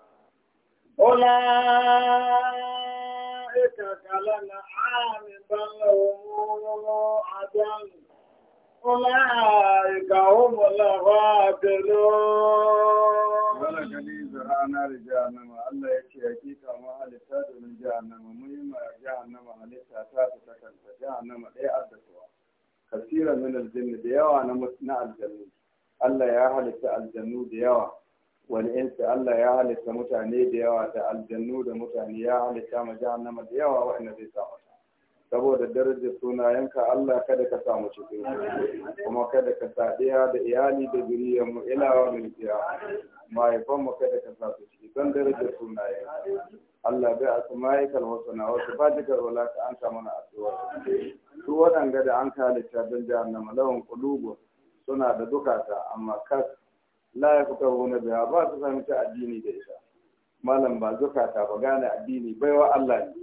أولئك كالأنعام بل هم أضل أولئك هم الغافلون ولا جليل زرعنا لجهنم الله يكي حقيقة ما حلتا من جهنم مهمة جهنم حلتا تاتي تكنت جهنم ليه أدتها كثيرا من الجن ديوا أنا متنع الجنود الله يا أهل الجنود ديوا wani insa Allah ya halitta mutane da yawa da aljannu da mutane ya halitta ma jahannama da yawa wa'anda zai samu saboda darajar sunayenka Allah kada ka samu cikin kuma kada ka sa da iyali da zuriyar mu ilawa min tsiya mahaifan mu kada ka sa su ciki don darajar sunayen Allah bai asma'ika alhusna wa sifatika wala ka an mana asuwa su waɗanga da an halitta don jahannama lawan Kulubu suna da dukata amma kas la ya fita na biya ba su ta addini da ita malam ba zukata ba gane addini baiwa Allah ne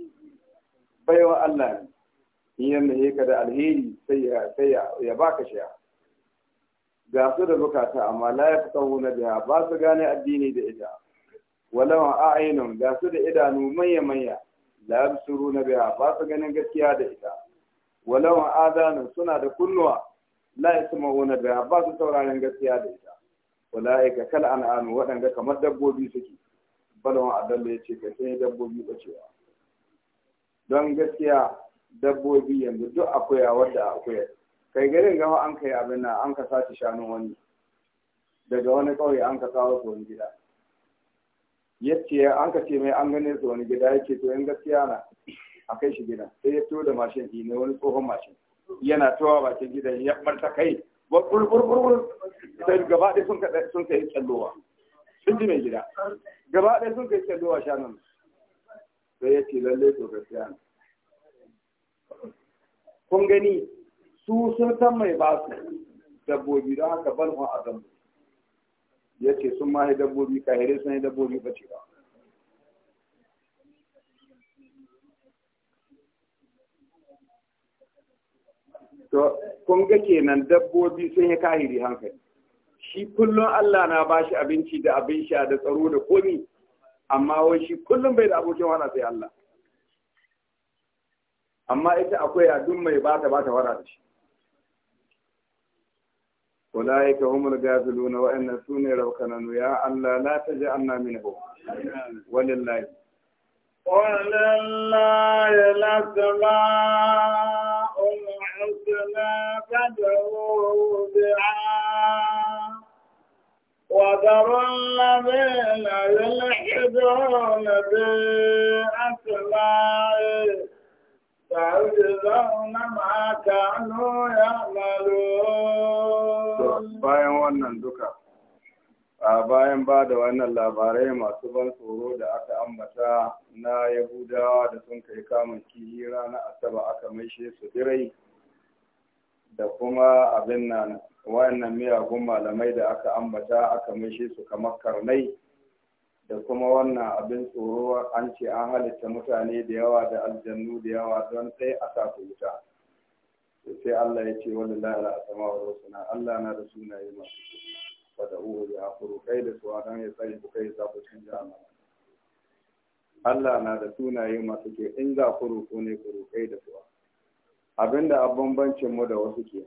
baiwa Allah ne in yanda ya ka da alheri sai ya baka shi ga su da zukata amma la ya fita na biya ba su gane addini da ita walau ainihin ga su da idanu manya manya la suru na biya ba su ganin gaskiya da ita walau adanan suna da kunnuwa la na biya ba su sauraron gaskiya da ita wala'ika kal an'am waɗanda kamar dabbobi suke balwan adalla ya ce kai sai dabbobi ba cewa. don gaskiya dabbobi yanzu duk akuya wanda akuya kai garin gawa an kai abin nan an ka sace shanun wani daga wani kauye an ka kawo su wani gida yace an ka ce mai an gane su wani gida yake to in gaskiya na a kai shi gida sai ya to da mashin ɗi ne wani tsohon mashin yana towa bakin gidan ya barta kai ba kurkurkurkur sai gaba ɗaya sun kaɗa sun kai kyallowa sun ji mai gida gaba ɗaya sun kai kyallowa shanun sai ya ce lalle to gaskiya kun gani su sun san mai ba su dabbobi don haka balhun a zambu ya ce sun ma dabbobi kahirai sun yi dabbobi ba ce ba to kun ga kenan dabbobi sun yi kahiri hankali shi kullum Allah na ba shi abinci da abin sha da tsaro da komi amma wai shi kullum bai da abokin wada sai Allah amma ita akwai a duk mai bata bata wara da shi ulaika humul gafilun wa inna sunni rabbana ya Allah la taj'alna minhum walillahi walillahi la الحسنى فادعوه بها وذروا الذين wannan duka a bayan ba da wannan labarai masu ban tsoro da aka ambata na yahudawa da sun kai kamun kihi na asaba aka maishe su dirai da kuma abin nan wayannan miyagun malamai da aka ambata aka mishi su kamar karnai da kuma wannan abin tsoro an ce an halitta mutane da yawa da aljannu da yawa don sai a sa su wuta sai Allah ya ce wani la'ala a sama wa suna Allah na da sunaye masu wada uwa ya kuru kai da suwa don ya tsari kai za ku canja Allah Allah na da sunaye masu ke in za ku ne ku da suwa abinda a bambancin mu da wasu ke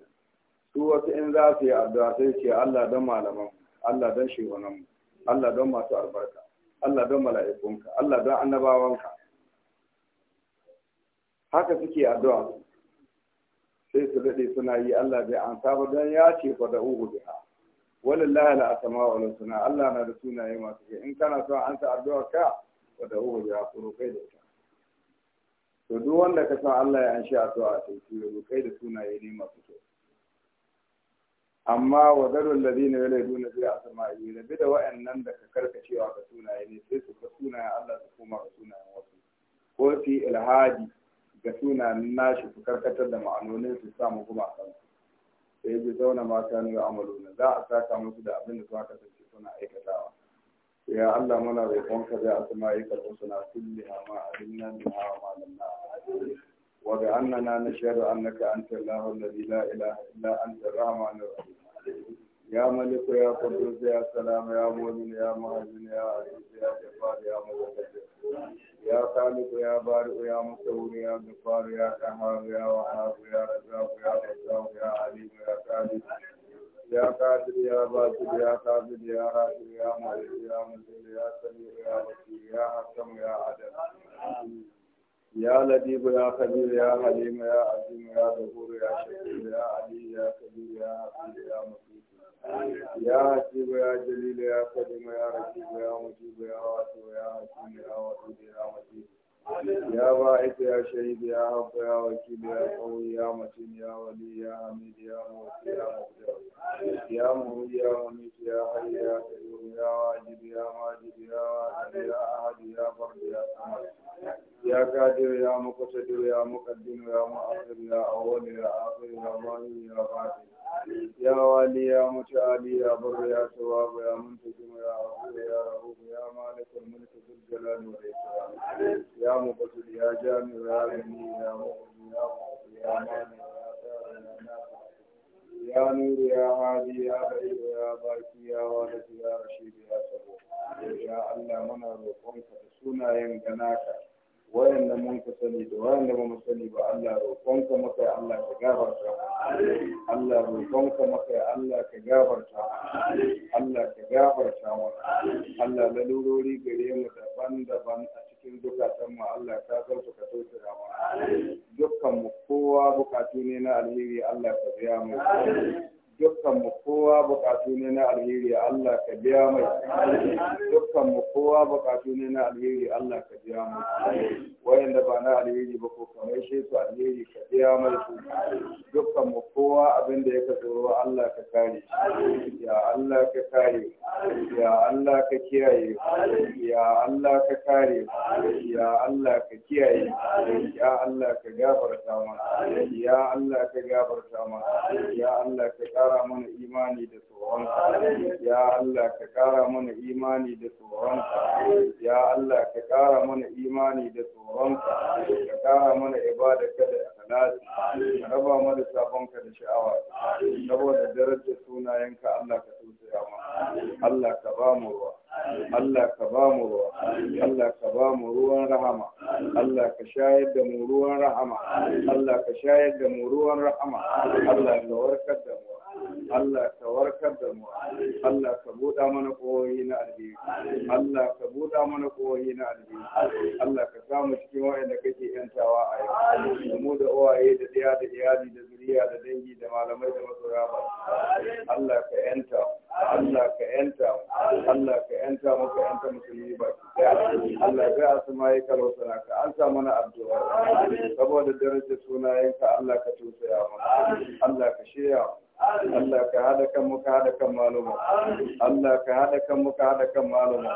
su wasu in za su yi addu'a sai ce Allah don malaman Allah don shehunan mu Allah don masu albarka Allah don mala'ikunka Allah don annabawanka haka suke addu'a sai su daɗe suna yi Allah bai an saba don ya ce fa da uhu ha walillahi la asma wa suna Allah na da sunaye masu ke in kana so an sa addu'a ka fa da uhu biha ku roƙai da ita to duk wanda ka san Allah ya an shi a sai ya kai da sunaye ne masu kyau amma wa zarul zai a sama asma'i da bi da wa'annan da ka karkacewa ga sunaye ne sai su ka sunayen Allah su koma ga sunayen wasu ko su ilhadi ga sunayen nashi su karkatar da ma'anonin su samu kuma a kansu. sai ji zauna mata ne amalona za a saka musu da abin da su suka kasance suna aikatawa ya Allah muna roƙonka da asma'ikal husna kulliha ma a minha da ma lam وبأننا نشهد أنك أنت الله الذي لا إله إلا أنت الرحمن الرحيم يا ملك يا قدوس يا سلام يا مؤمن يا مهزم يا عزيز يا جبار يا متكبر يا خالق يا بارئ يا مصور يا غفار يا قهار يا وهاب يا رزاق يا رزاق يا عليم يا قادر يا قادر يا باسل يا قابل يا راجل يا معز يا مذل يا سميع يا بصير يا حكم يا عدل يا لطيف يا خبير يا حليم يا عظيم يا غفور يا شكور يا علي يا كبير يا عزيز يا مقيت يا حسيب يا جليل يا قديم يا رقيب يا مجيب يا واسع يا حكيم يا وحيد يا مجيد يا باعث يا شهيد يا رب يا وكيل يا قوي يا متين يا ولي يا حميد يا موسى يا مقدر يا مهي يا مميت يا حي يا قيوم يا واجد يا ماجد يا واحد يا احد يا فرد يا صمد يا قادر يا مقتدر يا مقدم يا مؤخر يا اول يا اخر يا ظاهر يا باطن يا ولي يا متعالي يا بر يا ثواب يا منتجم يا عفو يا رؤوف يا مالك الملك ذو الجلال والاكرام يا مبتل يا جامع يا غني يا مغني يا مغني يا مانع يا سار يا نافع يا نور يا هادي يا بعيد يا باكي يا وارث يا رشيد يا صبور يا الله منا روحك سنا ينقناك وين لم نكن سني وين لم نسني الله roƙonka maka Allah ka gafarta Allah roƙonka maka Allah ka gafarta Allah ka gafarta mu Allah lalurori gare mu daban-daban a cikin zukatan mu Allah ka sauka su ka tauta da mu dukkan mu kowa bukatu ne na alheri Allah ka biya mu dukkan mu kowa bukatu ne na alheri Allah ka biya mai dukkan mu kowa bukatu ne na alheri Allah ka biya mai wayanda ba na alheri ba ko kamar shi su alheri ka biya mai su dukkan mu kowa abin da ya yake tsoro Allah ka kare ya Allah ka kare ya Allah ka kiyaye ya Allah ka kare ya Allah ka kiyaye ya Allah ka gafarta mana ya Allah ka gafarta mana ya Allah ka kara mana imani da tsoronka ya Allah ka kara mana imani da tsoronka ya Allah ka kara mana imani da tsoronka ka kara mana ibada ka da ikhlasi ka raba mana sabonka da sha'awa saboda darajar sunayenka Allah ka tausaya mana Allah ka ba mu ruwa Allah ka ba mu ruwa Allah ka ba mu ruwan rahama Allah ka shayar da mu ruwan rahama Allah ka shayar da mu ruwan rahama Allah ka warkar da mu Allah ka warkar da mu Allah ka buɗa mana ƙoyi na alheri Allah ka buɗa mana ƙoyi na alheri Allah ka samu cikin waɗanda kake yantawa a yau da mu da uwaye da ɗaya da iyali da zuriya da dangi da malamai da masoya ba Allah ka yanta Allah ka yanta Allah ka yanta maka yanta musulmi ba Allah ga su yi kalo sana ka an sa mana addu'a saboda darajar sunayenka Allah ka tausaya mana Allah ka shirya Allah ka hada kan mu ka hada kan maluma Allah ka hada kan mu ka hada kan maluma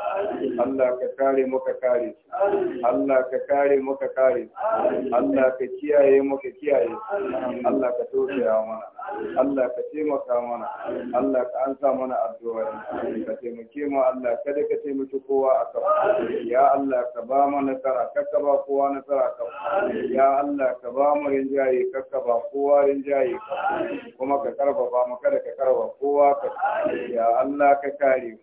Allah ka kare mu ka kare Allah ka kare mu ka kare Allah ka kiyaye mu ka kiyaye Allah ka a mana Allah ka taimaka mana Allah ka ansa mana addu'a ka taimake mu Allah kada ka taimaki kowa a kan ya Allah ka ba mu nasara kakka ba kowa nasara kan ya Allah ka ba mu rinjaye kakka ba kowa rinjaye kuma ka karfa karfafa mu kada ka karwa kowa ka ya Allah ka kare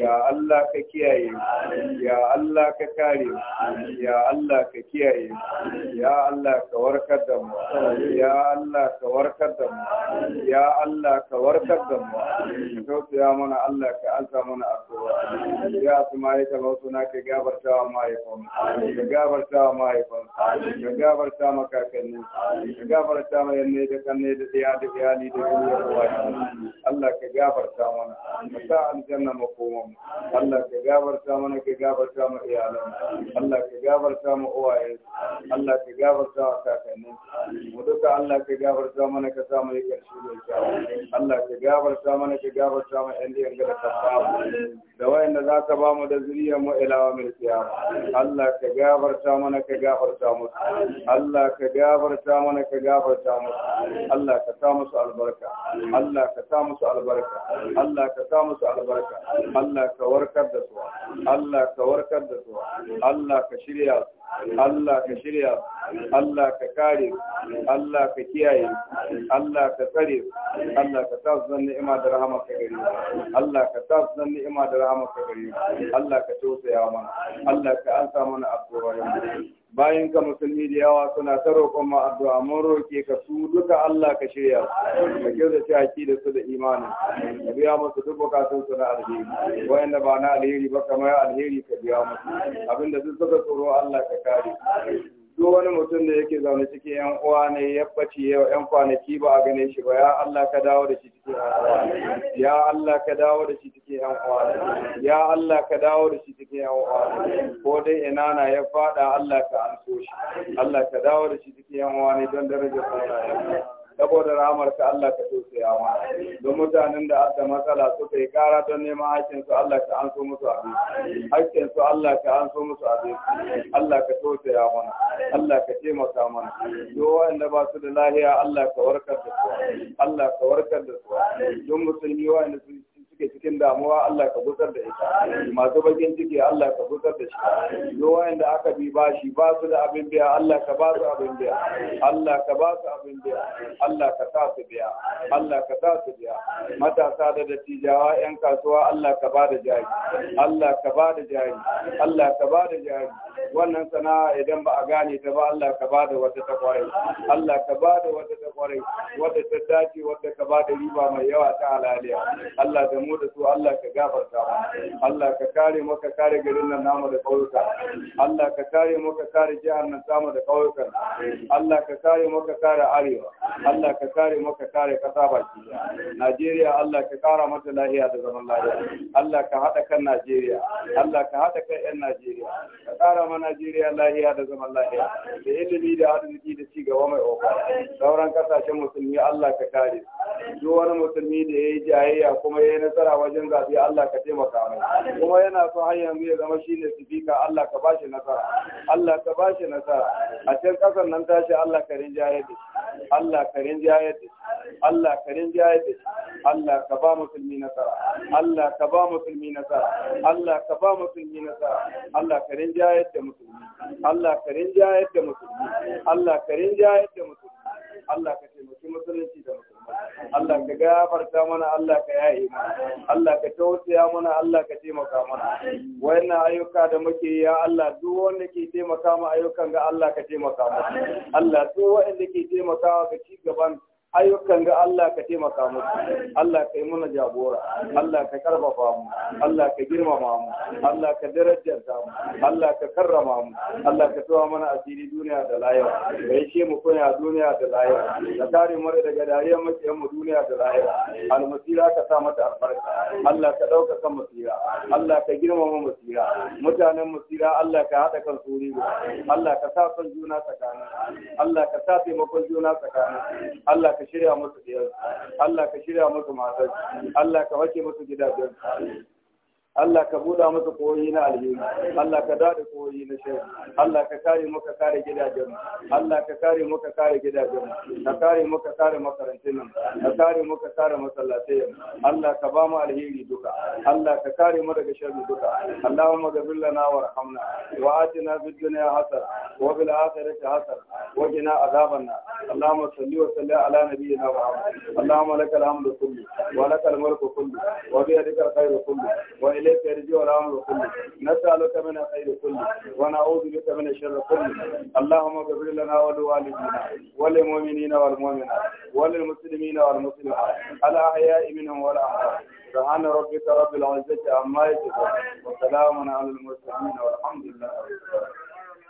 ya Allah ka kiyaye ya Allah ka kare ya Allah ka kiyaye ya Allah ka warkar da mu ya Allah ka warkar da mu ya Allah ka warkar da mu ka ya mana Allah ka alza mana addu'a ya kuma ya talautu na ka gabarta wa mahaifan ka gabarta wa mahaifan ka gabarta kakanni, ka gabarta ma yanne da kanne da tsiya da iyali da Allah ka gafarta mana ka sa aljanna mu. Allah ka gafarta mana ka gafarta mu iyalan Allah ka gafarta mu uwaye Allah ka gafarta wa kakanni mu duka Allah ka gafarta mana ka sa mu yi karshe da kyau Allah ka gafarta mana ka gafarta mu yan diyan da ka samu da wayanda za ka ba mu da zuriyar mu ilawa mil kiyama Allah ka gafarta mana ka gafarta mu Allah ka gafarta mana ka gafarta mu Allah ka sa musu albarka Allah ka sa musu albarka Allah ka sa musu albarka Allah ka warkar da su Allah ka warkar da su Allah ka shirya su Allah ka shirya Allah ka kare Allah ka kiyaye Allah ka tsare Allah ka sa su zan ni'ima da rahama ka gari. Allah ka sa su zan ni'ima da rahama ka gari. Allah ka ya mana Allah ka ansa mana addu'o'in bayan ka musulmi da yawa suna ta roƙon ma addu'a mun roƙe ka su duka Allah ka shirya ka kyauta ta aki da su da imanin. ka biya musu duk bukatun su na alheri wayanda ba na alheri ba kamar alheri ka biya musu abinda duk suka tsoro Allah ka kare duk wani mutum da yake zaune cikin yan uwa ne ya bace yau yan kwanaki ba a gane shi ba ya Allah ka dawo da shi cikin yan uwa ya Allah ka dawo da shi cikin yan uwa ya Allah ka dawo da shi cikin yan uwa ko dai ina na ya fada Allah ka anso shi Allah ka dawo da shi cikin yan uwa ne don darajar ya saboda ramar ka Allah ka tausaya ma don mutanen da adda matsala suka yi kara don neman hakkin su Allah ka an so musu abin hakkin su Allah ka an so musu abin Allah ka tausaya mana Allah ka taimaka mana duk wanda ba su da lahiya Allah ka warkar da su Allah ka warkar da su don musulmi wanda su suke cikin damuwa Allah ka gusar da ita masu bakin ciki Allah ka gusar da shi duk wanda aka bi ba shi, ba su da abin biya Allah ka ba su abin biya Allah ka ba su abin biya Allah ka sa su biya Allah ka sa su biya matasa da dattijawa yan kasuwa Allah ka ba da jari Allah ka ba da jari Allah ka ba da jari wannan sana'a idan ba a gane ta ba Allah ka ba da wata ta kwarai Allah ka ba da wata ta kwarai wadda ta dace wadda ka ba da riba mai yawa ta halaliya Allah da mu da su Allah ka gafarta Allah ka kare mu ka kare garin nan namu da kauyuka Allah ka kare mu ka kare jihar nan samu da kauyuka Allah ka kare mu ka kare arewa Allah ka kare mu ka kare kasa baki Najeriya Allah ka kara mata lahiya da zaman lafiya Allah ka hada kan Najeriya Allah ka hada kan yan Najeriya ka kara ma Najeriya lahiya da zaman lafiya da ilimi da arziki da ci gaba mai ofa sauran kasashen musulmi Allah ka kare duk wani musulmi da ya yi jayayya kuma ya yi nasara wajen zaɓe Allah ka taimaka mai kuma yana so hanyar yanzu ya zama shine sifika Allah ka ba shi nasara Allah ka ba shi nasara a can kasar nan tashi Allah ka rinjaye da shi Allah ka rinjaye da shi Allah ka rinjaye da shi Allah ka ba musulmi nasara Allah ka ba musulmi nasara Allah ka ba musulmi nasara Allah ka rinjaye da musulmi Allah ka rinjaye da musulmi Allah ka rinjaye da musulmi Allah ka taimaki musulunci da musulmi Allah ka gafarta mana Allah ka yaye mana Allah ka tausaya mana Allah ka taimaka mana wayannan ayyuka da muke ya Allah duk wanda ke taimaka mu ayyukan ga Allah ka taimaka mu Allah duk wanda ke taimakawa ga ci gaban ayyukan ga Allah ka taimaka musu Allah ka yi muna jagora Allah ka karfafa mu Allah ka girmama mu Allah ka darajarta mu Allah ka karrama mu Allah ka tawa mana asiri duniya da lahira ka yi mu koya duniya da lahira ka kare mu daga dariyar makiyan mu duniya da lahira almasira ka sa mata albarka Allah ka dauka kan masira Allah ka girmama masira mutanen masira Allah ka hada kan su Allah ka sa son juna tsakanin Allah ka sa taimakon juna tsakanin Allah ka shirya musu diyar Allah ka shirya musu matar Allah ka wake musu gidajen Allah ka buɗa masa koyi na alheri Allah ka dada koyi na shari Allah ka kare maka kare gidajen Allah ka kare maka kare gidajen ka kare maka kare makarantun ka kare maka kare masallatai Allah ka ba mu alheri duka Allah ka kare mu daga sharri duka Allahumma ghfir lana warhamna wa atina fid dunya hasana wa fil akhirati hasana wa qina adhaban nar Allahumma salli wa sallim ala nabiyyina Muhammad Allahumma lakal hamdu kullu wa lakal mulku kullu wa bi yadika al-khayru kullu wa إليك يرجع الأمر كله نسألك من الخير كله ونعوذ بك من الشر كله اللهم اغفر لنا ولوالدينا وللمؤمنين والمؤمنات وللمسلمين والمسلمات الأحياء منهم والأموات سبحان ربك رب العزة عما يصفون وسلام على المرسلين والحمد لله رب العالمين